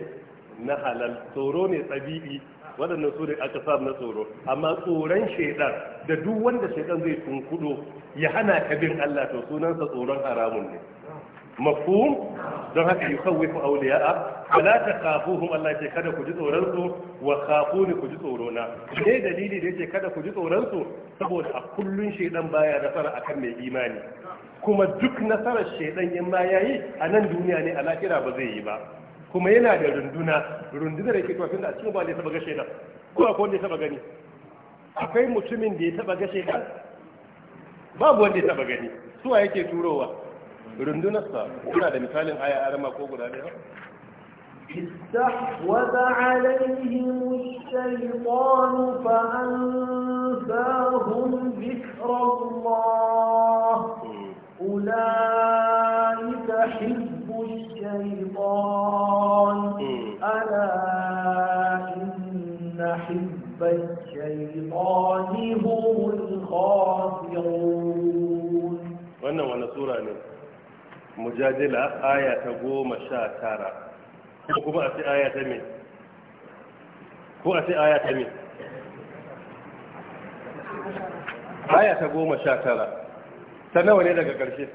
na halal tsoro ne tsabi'i waɗannan su ne aka sa na tsoro amma tsoron shaidan da duk wanda shaidan zai tunkudo ya hana ka bin Allah to sunansa tsoron haramun ne mafhum don haka yi ku auliya a wala takhafuhum Allah ce kada ku ji tsoron su wa kafuni ku ji tsoro na ne dalili da yake kada ku ji tsoron su saboda a kullun shaidan baya nasara akan mai imani kuma duk nasarar shaidan in ma yayi a nan duniya ne a ba zai yi ba kuma yana da runduna runduna da ke tafin da a cikin ba da ya taba gashe da ko akwai wanda ya taba gani akwai mutumin da ya taba gashe da babu wanda ya taba gani Su suwa yake turowa Rundunar sa kuna da misalin aya arama ko guda ɗaya استحوذ عليهم الشيطان فأنساهم ذكر الله أولئك حزب الشيطان ألا إن حب الشيطان هم الخاسرون wannan wani sura ne mujadila aya ta goma sha tara ko a ce aya ta me ta nawa ne daga ƙarshe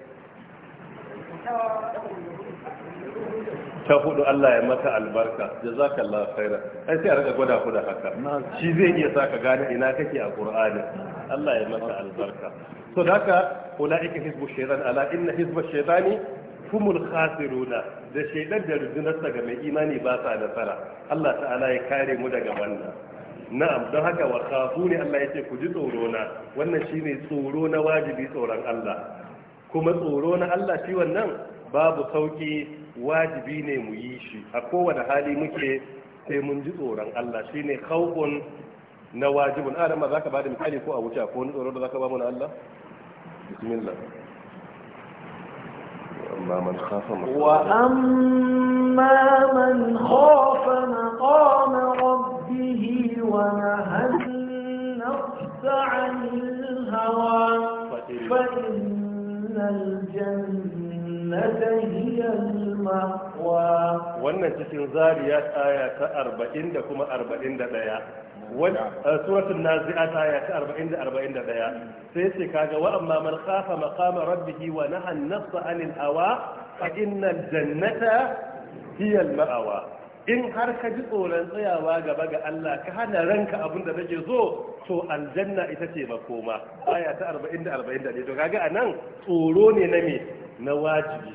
ta hudu Allah ya mata albarka jazakallahu khaira ai sai a rika gwada ku da haka shi zai iya saka gane ina kake a Kur'ani. Allah ya mata albarka to haka ulaika hizbu shaytan ala inna hizba shaytani humul khasiruna da shaydan da rujunarsa ga mai imani ba sa nasara Allah ta'ala ya kare mu daga wannan na'am don haka wa ne Allah ya ce ku ji tsoro na wannan shine tsoro na wajibi tsoron Allah kuma tsoro na Allah shi wannan babu sauki wajibi ne mu yi shi a kowane hali muke sai mun ji tsoron Allah Shi ne khawfun na wajibun adam za ka bada misali ko a wuce ko wani tsoro da za ka ba mu na Allah bismillah أما من خاف مقام وأما من خاف مقام ربه ونهى النفس عن الهوى فإن الجنة هي wa wannan cikin zariyat aya ta 40 da kuma 41 wa suratul naziat aya ta 40 da 41 sai sai kaga wa amma man khafa maqama rabbih wa naha an-nafsa 'anil hawa fa innal jannata hiya al-ma'wa in har ka ji tsoron tsayawa gaba ga Allah ka hana ranka abinda nake so to aljanna ita ce makoma aya ta 40 da 41 to kaga anan tsoro ne na me na wajibi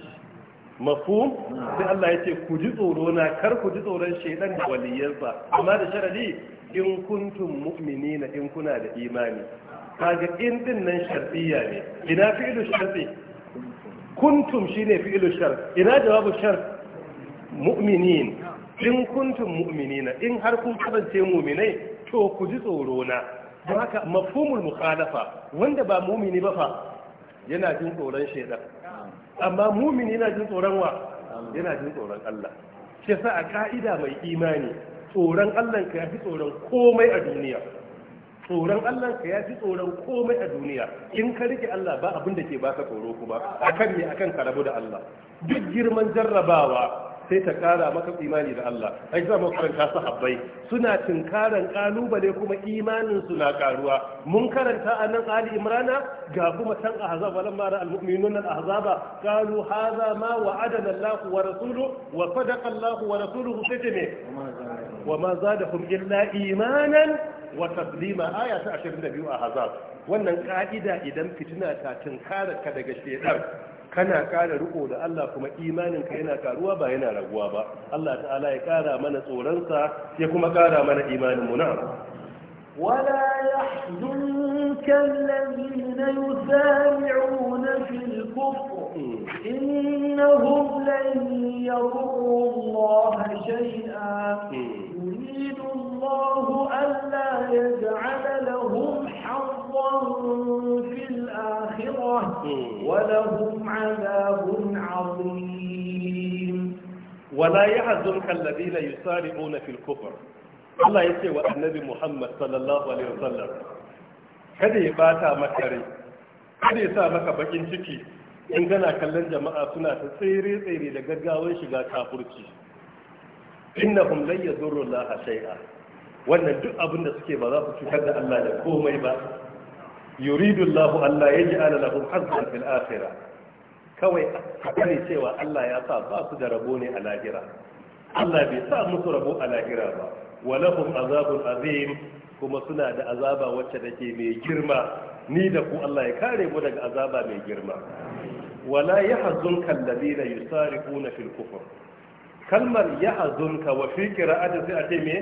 mafu sai Allah ya ce ku ji tsoro na kar ku ji tsoron shaidan da waliyansa amma da sharadi in kuntum mu'minina in kuna da imani kaga in din nan shartiya ne ina fi'ilu sharti kuntum shine fi'ilu shar ina jawabu shar mu'minin in kuntum mu'minina in har kun kasance mu'minai to ku ji tsoro na don haka mafhumul mukhalafa wanda ba mu'mini ba fa yana jin tsoron shaidan amma mumini yana jin tsoron wa yana jin tsoron Allah shi yasa a ka'ida mai imani tsoron Allah ka yafi tsoron komai a duniya tsoron Allah ka yafi tsoron komai a duniya in ka rike Allah ba abin da ke baka tsoro kuma akan me akan ka rabu da Allah duk girman jarrabawa sai ta kara maka imani da Allah ai za mu karanta Habbai. suna tinkaran kalubale kuma imanin su na karuwa mun karanta a nan Ali Imrana ga kuma tan ahzab walamma ra almu'minun alahzaba qalu hadha ma wa'adana Allah wa rasuluhu wa sadaqa Allah wa rasuluhu sajne wa ma zadahum illa imanan wa taslima aya ta 22 ahzab wannan ka'ida idan fitina ta tinkara ka daga shedar kana kara riko da Allah kuma imanin ka yana karuwa ba yana raguwa ba Allah ta'ala ya kara mana tsoransa ya kuma kara mana imanin mu na wala yahdunka alladhina yusari'una fil kufr innahum lan yaruu Allah shay'an yuridu Allah an la yaj'ala lahum hawwan fil النار ولهم عذاب عظيم ولا يحزنك الذين يسارعون في الكفر Allah ya ce wa annabi Muhammad sallallahu alaihi wasallam kada ya bata maka rai kada ya sa maka bakin ciki in gana kallon jama'a suna ta tsere tsere da gaggawar shiga kafurci innahum lan yadurru Allah shay'a wannan duk abin da suke ba za su cutar da Allah da komai ba yuridu Allah Allah ya ji'ala lahum hazzan fil akhirah kawai hakari cewa Allah ya sa ba su da rabo ne a lahira Allah bai sa musu rabo a lahira ba wa lahum azabun azim kuma suna da azaba wacce take mai girma ni da ku Allah ya kare mu daga azaba mai girma wala yahzunka alladhina yusariquna fil kufr kalmar yahzunka wa fi qira'ati sai a ce me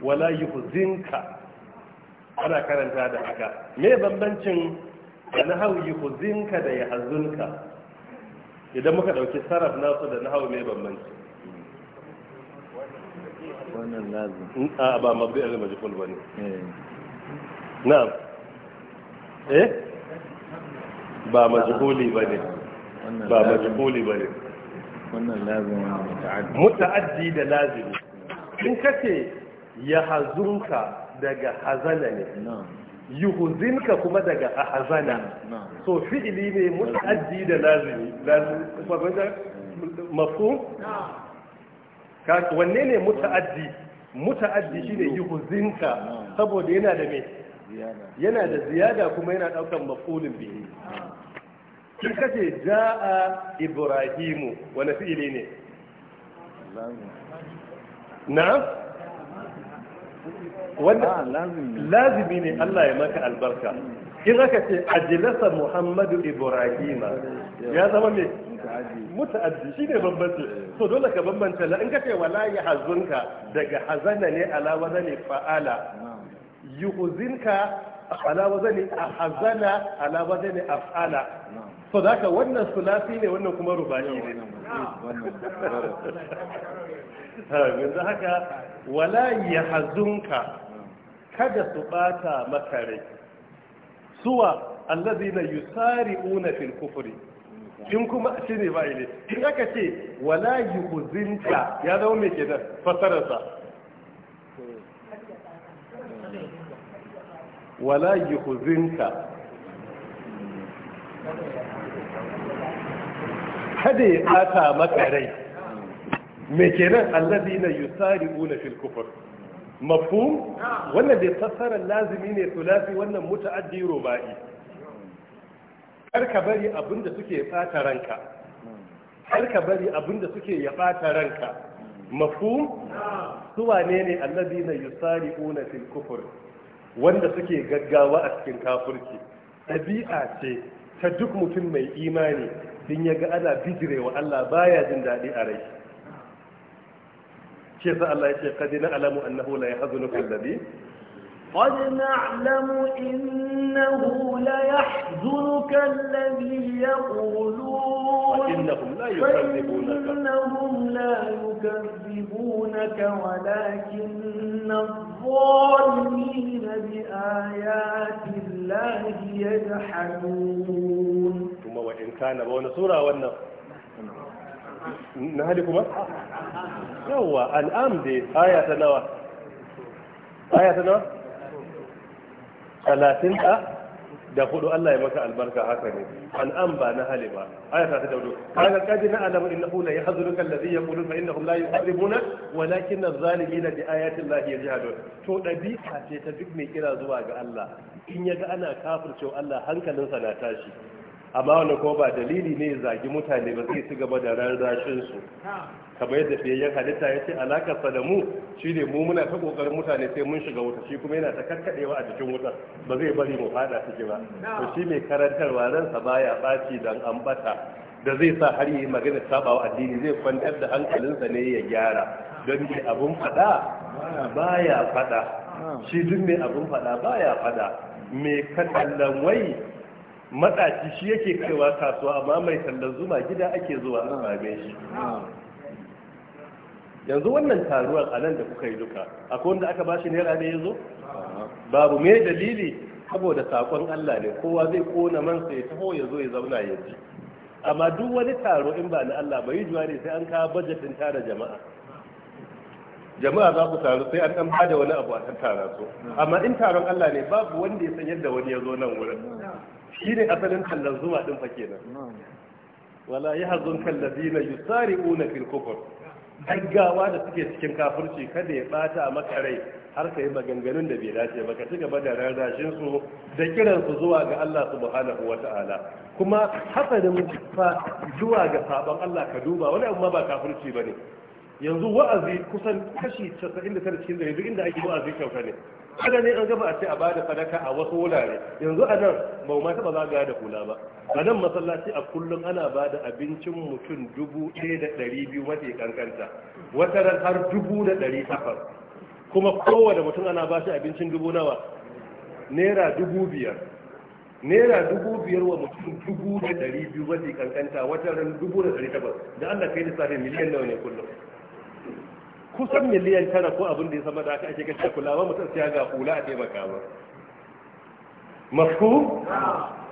wala yuhzinka ana karanta da haka me bambancin da nahawu yuhzinka da yahzunka idan muka dauki sarraf nasu da nahawu me bambanci wannan lazim a ba mabdi al-majhul bane eh. na'am eh ba majhuli bane ba majhuli bane wannan lazim muta'addi da lazim in kace yahzunka daga hazana ne ka kuma daga hazana. so fi'ili ne mutaddi da lazimi mafhum ka wanne ne mutaddi mutaddi shine ka saboda yana da me yana da ziyada kuma yana daukan mafulin bihi kin kace jaa ibrahimu wani fi'ili ne na'am wanda lazimi ne Allah ya maka albarka in aka ce ajilasa Muhammadu Ibrahim, ya zama mai muta'addi shi ne bambanci so dole ka bambanta la in ka ce wala ya hazunka daga hazana ne ala ne fa'ala yuhzinka ala wazani ahzana ala wazani af'ala so da haka wannan sulafi ne wannan kuma rubani ne yanzu haka wala ya hazunka kada su bata maka rai suwa yusari una fil kufri in kuma ne ba ne in aka ce wala yi yuzinka ya zama me kenan fasararsa wala yi yuzinka kada ya bata maka rai me kenan allazina yusari'una fil kufr mafhum wannan da fassara lazimi ne sulasi wannan muta'addi rubai karka bari abinda suke bata ranka karka bari abinda suke ya bata ranka mafhum suwa ne ne allazina yusari'una fil kufr wanda suke gaggawa a cikin kafirci ɗabi'a ce ta duk mutum mai imani din ya ga ana bijirewa Allah baya jin daɗi a rai shi الله يا شيخ قد نعلم انه annahu الذي قد نعلم إنه ليحزنك الذي يقولون فإنهم لا يكذبونك فإنهم لا يكذبونك ولكن الظالمين بآيات الله يجحدون ثم وإن كان بون سورة والنصر na hali kuma yawa an'am dai aya ta nawa aya ta nawa talatin da da hudu Allah ya maka albarka haka ne an'am ba na hali ba aya ta daudo kana kaji na alamu innahu la yahzuruka alladhi yaqulu fa innahum la yuqribuna walakin adh-dhalimina bi ayati allahi yajhadun to ɗabi'a ce ta duk mai kira zuwa ga Allah in ya ga ana kafircewa Allah hankalinsa na tashi amma wanda kuma ba dalili ne zagi mutane ba sai su gaba da rarrashin su kamar yadda yan halitta ya ce alakar sa da mu shi mu muna ta kokarin mutane sai mun shiga wuta shi kuma yana ta karkadewa a jikin wuta ba zai bari mu fada ciki ba to shi mai karantarwa ransa baya baci dan ambata da zai sa har yi magana sabawa addini zai kwantar da hankalinsa ne ya gyara don mai abun fada baya fada shi duk mai abun fada baya fada mai kadallan wai matsaci shi yake kaiwa kasuwa amma mai tallan zuma gida ake zuwa a shi yanzu wannan taruwar a nan da kuka yi duka akwai wanda aka bashi naira ne ya zo babu me dalili saboda sakon Allah ne kowa zai kona man sai taho ya zo ya zauna ya ji amma duk wani taro in ba na Allah bai juwa ne sai an kawo bajetin tara jama'a jama'a za ku taru sai an dan bada wani abu a tattara su amma in taron Allah ne babu wanda ya san yadda wani ya zo nan wurin shi ne asalin tallan zuma ɗin fa kenan wala na kallazina una fil kufr gaggawa da suke cikin kafirci kada ya ɓata maka rai har ka yi maganganun da bai dace ba ka ci gaba da rarrashin su da kiransu su zuwa ga Allah subhanahu ala. kuma hasarin fa zuwa ga sabon Allah ka duba wani abu ma ba kafirci bane yanzu wa'azi kusan kashi 99 cikin dare duk inda ake wa'azi kyauta ne kada ne an gaba a ce a bada sadaka a wasu wurare yanzu a nan ba ma taba ga da hula ba a nan masallaci a kullum ana bada abincin mutum dubu ɗaya da ɗari biyu mafi kankanta wata ran har dubu da ɗari takwas kuma kowane mutum ana ba shi abincin dubu nawa naira dubu biyar naira dubu biyar wa mutum dubu da ɗari biyu mafi kankanta wata ran dubu da ɗari takwas da allah kai lissafin miliyan nawa ne kullum kusan miliyan tara ko abin da ya sama da aka ake kashe kula ba mutum sai ga kula a taimaka ba mafku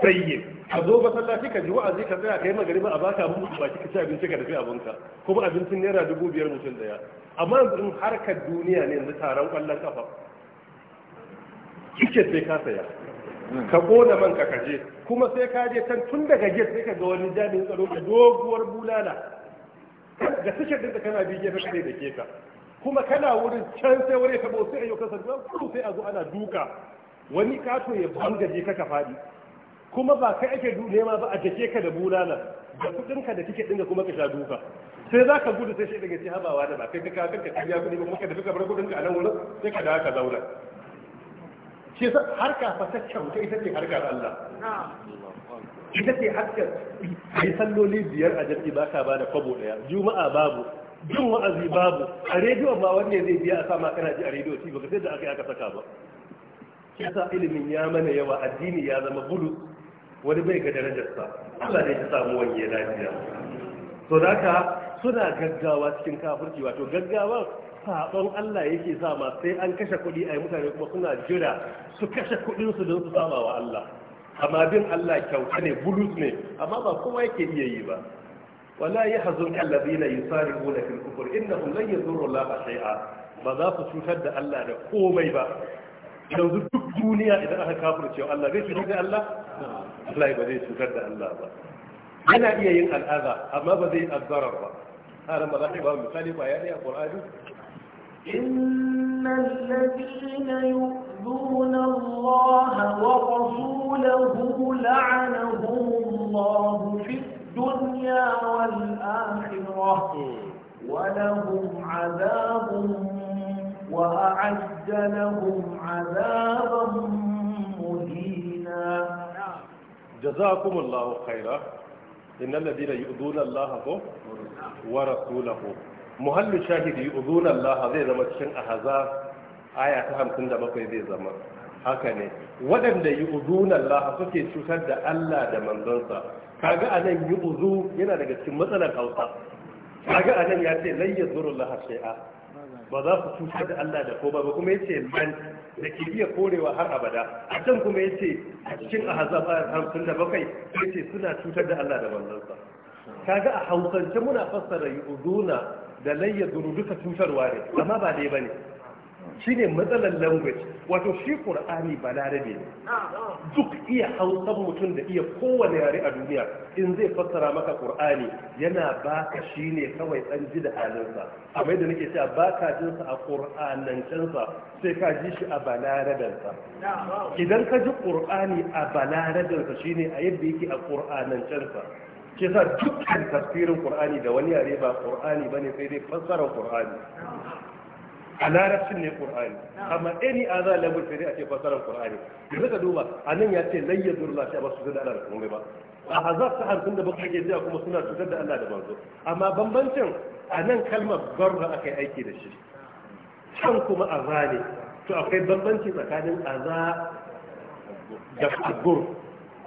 sayyid a zo ba sallah kika ji wa'azi ka tsaya kai magariba a baka abin ba kika ka ci abinci ka tafi abinka kuma abincin naira dubu biyar mutum daya amma in harkar duniya ne yanzu taron kwallon kafa kike sai ka saya ka kona man ka kaje kuma sai ka je can tun daga gate sai ka ga wani jami'in tsaro da doguwar bulala ga tashar da kana bi gefe kare da ke ka kuma kana wurin can sai wani ka sai a yau kansa kuma sai a zo ana duka wani kato ya banga je ka faɗi kuma ba kai ake nema ba a jake ka da bulala da kuɗin ka da kike ɗin kuma ka sha duka sai za ka gudu sai shi daga ce habawa da ba kai ka kanka ka ya gudu ba kuma ka dafi ka bar kuɗin ka a nan wurin sai ka dawo ka zauna shi sa harka fa ta ita ce harkar Allah ita ce harkar ai salloli biyar a jami'i ba ka ba da kwabo daya juma'a babu jin wa'azi babu a rediyo ba wanne zai biya a sama kana ji a rediyo ci baka sai da aka yi aka saka ba shi yasa ilimin ya mana yawa addini ya zama bulu wani bai ga darajarsa Allah ne ta samu wani ya lafiya to da ka suna gaggawa cikin kafirci wato gaggawa sabon Allah yake sa ma sai an kashe kuɗi a mutane kuma suna jira su kashe kuɗin kuɗinsu don su sama wa Allah amma bin Allah kyauta ne bulus ne amma ba kowa yake iya yi ba ولا يحزنك الذين يسارعون في الكفر انهم لن يضروا الله شيئا ba za su cutar da Allah da komai ba yanzu duk duniya idan aka kafirce Allah zai cutar da Allah Allah ba zai cutar da Allah ba yana iya yin al'aza amma ba zai azzarar ba har ma za ka ba misali ba ya ne a Qur'ani إن الذين يؤذون الله ورسوله لعنهم الله في الدنيا والآخرة ولهم عذاب وأعد لهم عذابا مهينا جزاكم الله خيرا إن الذين يؤذون الله ورسوله muhallin shahidi yu'zuna Allah zai zama cikin ahzab aya ta 57 zai zama haka ne waɗanda yi uzun Allah suke cutar da Allah da manzonsa kaga nan yi uzu yana daga cikin matsalar Hausa kaga a nan ya ce lan yazurullah shay'a ba za ku cutar da Allah da ko ba kuma ya ce man da ke iya korewa har abada a can kuma ya ce a cikin ahzab bakwai 57 ce suna cutar da Allah da manzonsa kaga a hausance muna fassara yu'duna da lan yazuru duka cutarwa ne amma ba dai ne. shine matsalar language wato shi qur'ani balarabe ne duk iya hausan mutum da iya kowane yare a duniya in zai fassara maka qur'ani yana baka shine kawai dan ji da halinsa amma da nake cewa baka jin sa a qur'anancin sa sai ka ji shi a balaraben sa idan ka ji qur'ani a balaraben sa shine a yadda yake a qur'anancin sa ke sa dukkan tafsirin qur'ani da wani yare ba qur'ani bane sai dai fassarar qur'ani a larabcin ne Kur'ani amma any other language sai a ce fasaran Kur'ani yanzu ka duba anan ya ce layyadur la sha ba su da Allah da kuma ba a hazaf ta da baka ke jiya kuma suna cutar da Allah da manzo amma bambancin nan kalmar aka yi aiki da shi can kuma azane to akwai bambanci tsakanin za da agur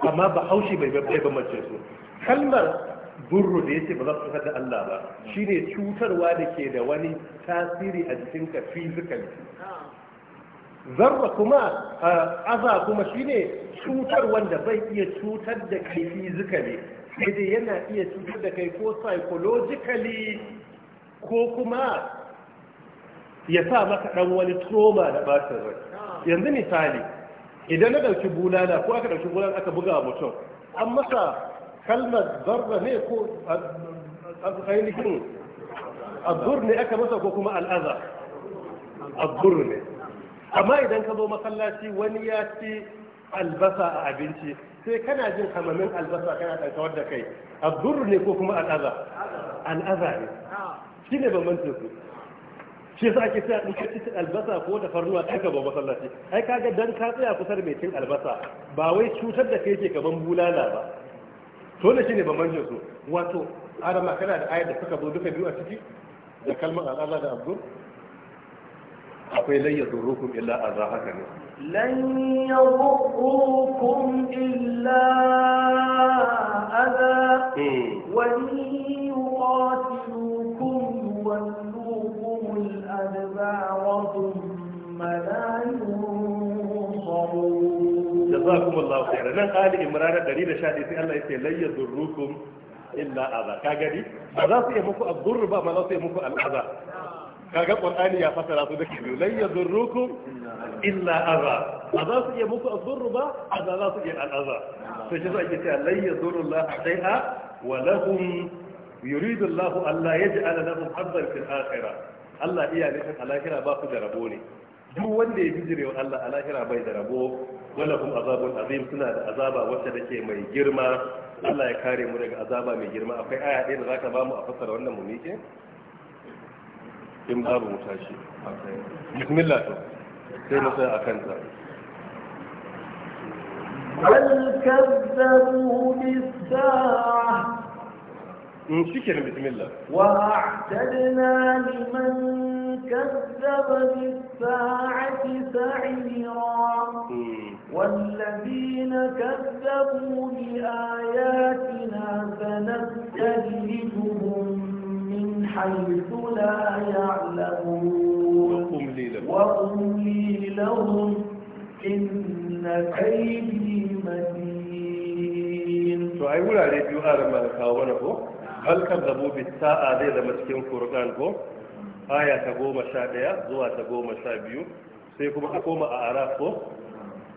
amma ba haushi bai bambance su kalmar burro da ce ba za su da Allah ba Shi ne cutarwa da ke da wani tasiri a jikinka physically zarra kuma aza kuma shi ne cutar wanda bai iya cutar da kai fizikali. sai yana iya cutar da kai ko psychologically ko kuma ya sa maka dan wani trauma da bacin rai yanzu misali idan na dauki bulala ko aka dauki bulala aka buga mutum an masa kalmar zarra ne ko ainihin abdur ne aka masa ko kuma al'aza abdur ne amma idan ka zo masallaci wani ya ci albasa a abinci sai kana jin hamamin albasa kana ɗaukawar da kai abdur ne ko kuma al'aza al'aza ne shi ne bambancin su shi sa ake cewa in ka ci albasa ko da farnuwa ta ba masallaci ai kaga dan ka tsaya kusa da mai cin albasa ba wai cutar da kai ke kaman bulala ba to ne shine bambancin su wato adama kana da ayar da suka zo duka biyu a ciki da kalmar al'ala da abdu akwai lan yadurrukum illa azza haka ne lan yadurrukum illa adha hmm. wa yuqatilukum yuwallukum al-adbara thumma la yunsurukum jazakumullahu khairan nan ali imran 111 sai Allah yake la yadurrukum illa aza. ka gani ba za su yi muku abdur ba ma za su yi muku al'aza kaga qur'ani ya fasara su dake la yadurrukum illa aza. ba za su yi muku abdur ba aza za su yi al'aza sai shi sai ce la yadurullahu shay'a wa lahum yuridu Allahu an la yaj'ala lahum haddan fil akhirah Allah iya ne a lahira ba su da rabo ne duk wanda ya bijire wa Allah a bai da rabo wala azabun azim suna da azaba wacce take mai girma Allah ya kare mu daga azaba mai girma akwai aya ɗaya da zaka bamu a fassara wannan mu mike in babu mu tashi bismillah to sai mu tsaya akan ta بل كذبوا بالساعة شكرا بسم الله وأعتدنا لمن كذب بالساعة سعيرا والذين كذبوا بآياتنا سنستجلدهم من حيث لا يعلمون وأملي لهم إن كيدي متين. فأي ولا ريبيو هذا ما نخاونه balkan zabo sa'a zai zama cikin furqan ko aya ta goma sha ɗaya zuwa ta goma sha biyu sai kuma ka koma a araf ko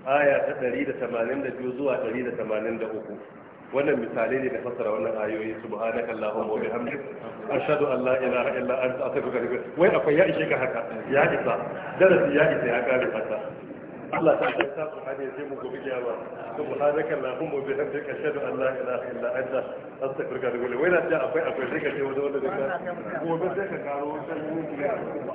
aya ta ɗari da tamanin da biyu zuwa ɗari da tamanin da uku wannan misali ne da fasara wannan ayoyi subhanaka allahumma wa bihamdik ashhadu an la ilaha illa anta astaghfiruka wa atubu ilaik wai akwai ya ishe ka haka ya isa darasi ya isa ya kare fata Allah ta ta ta su hade sai mu gobe kiyama subhanaka allahumma wa bihamdika ashhadu an la ilaha illa anta astaghfiruka wa atubu ilayk wai na ta akwai akwai sai ka ce wanda wanda ka gobe sai ka karo sai mu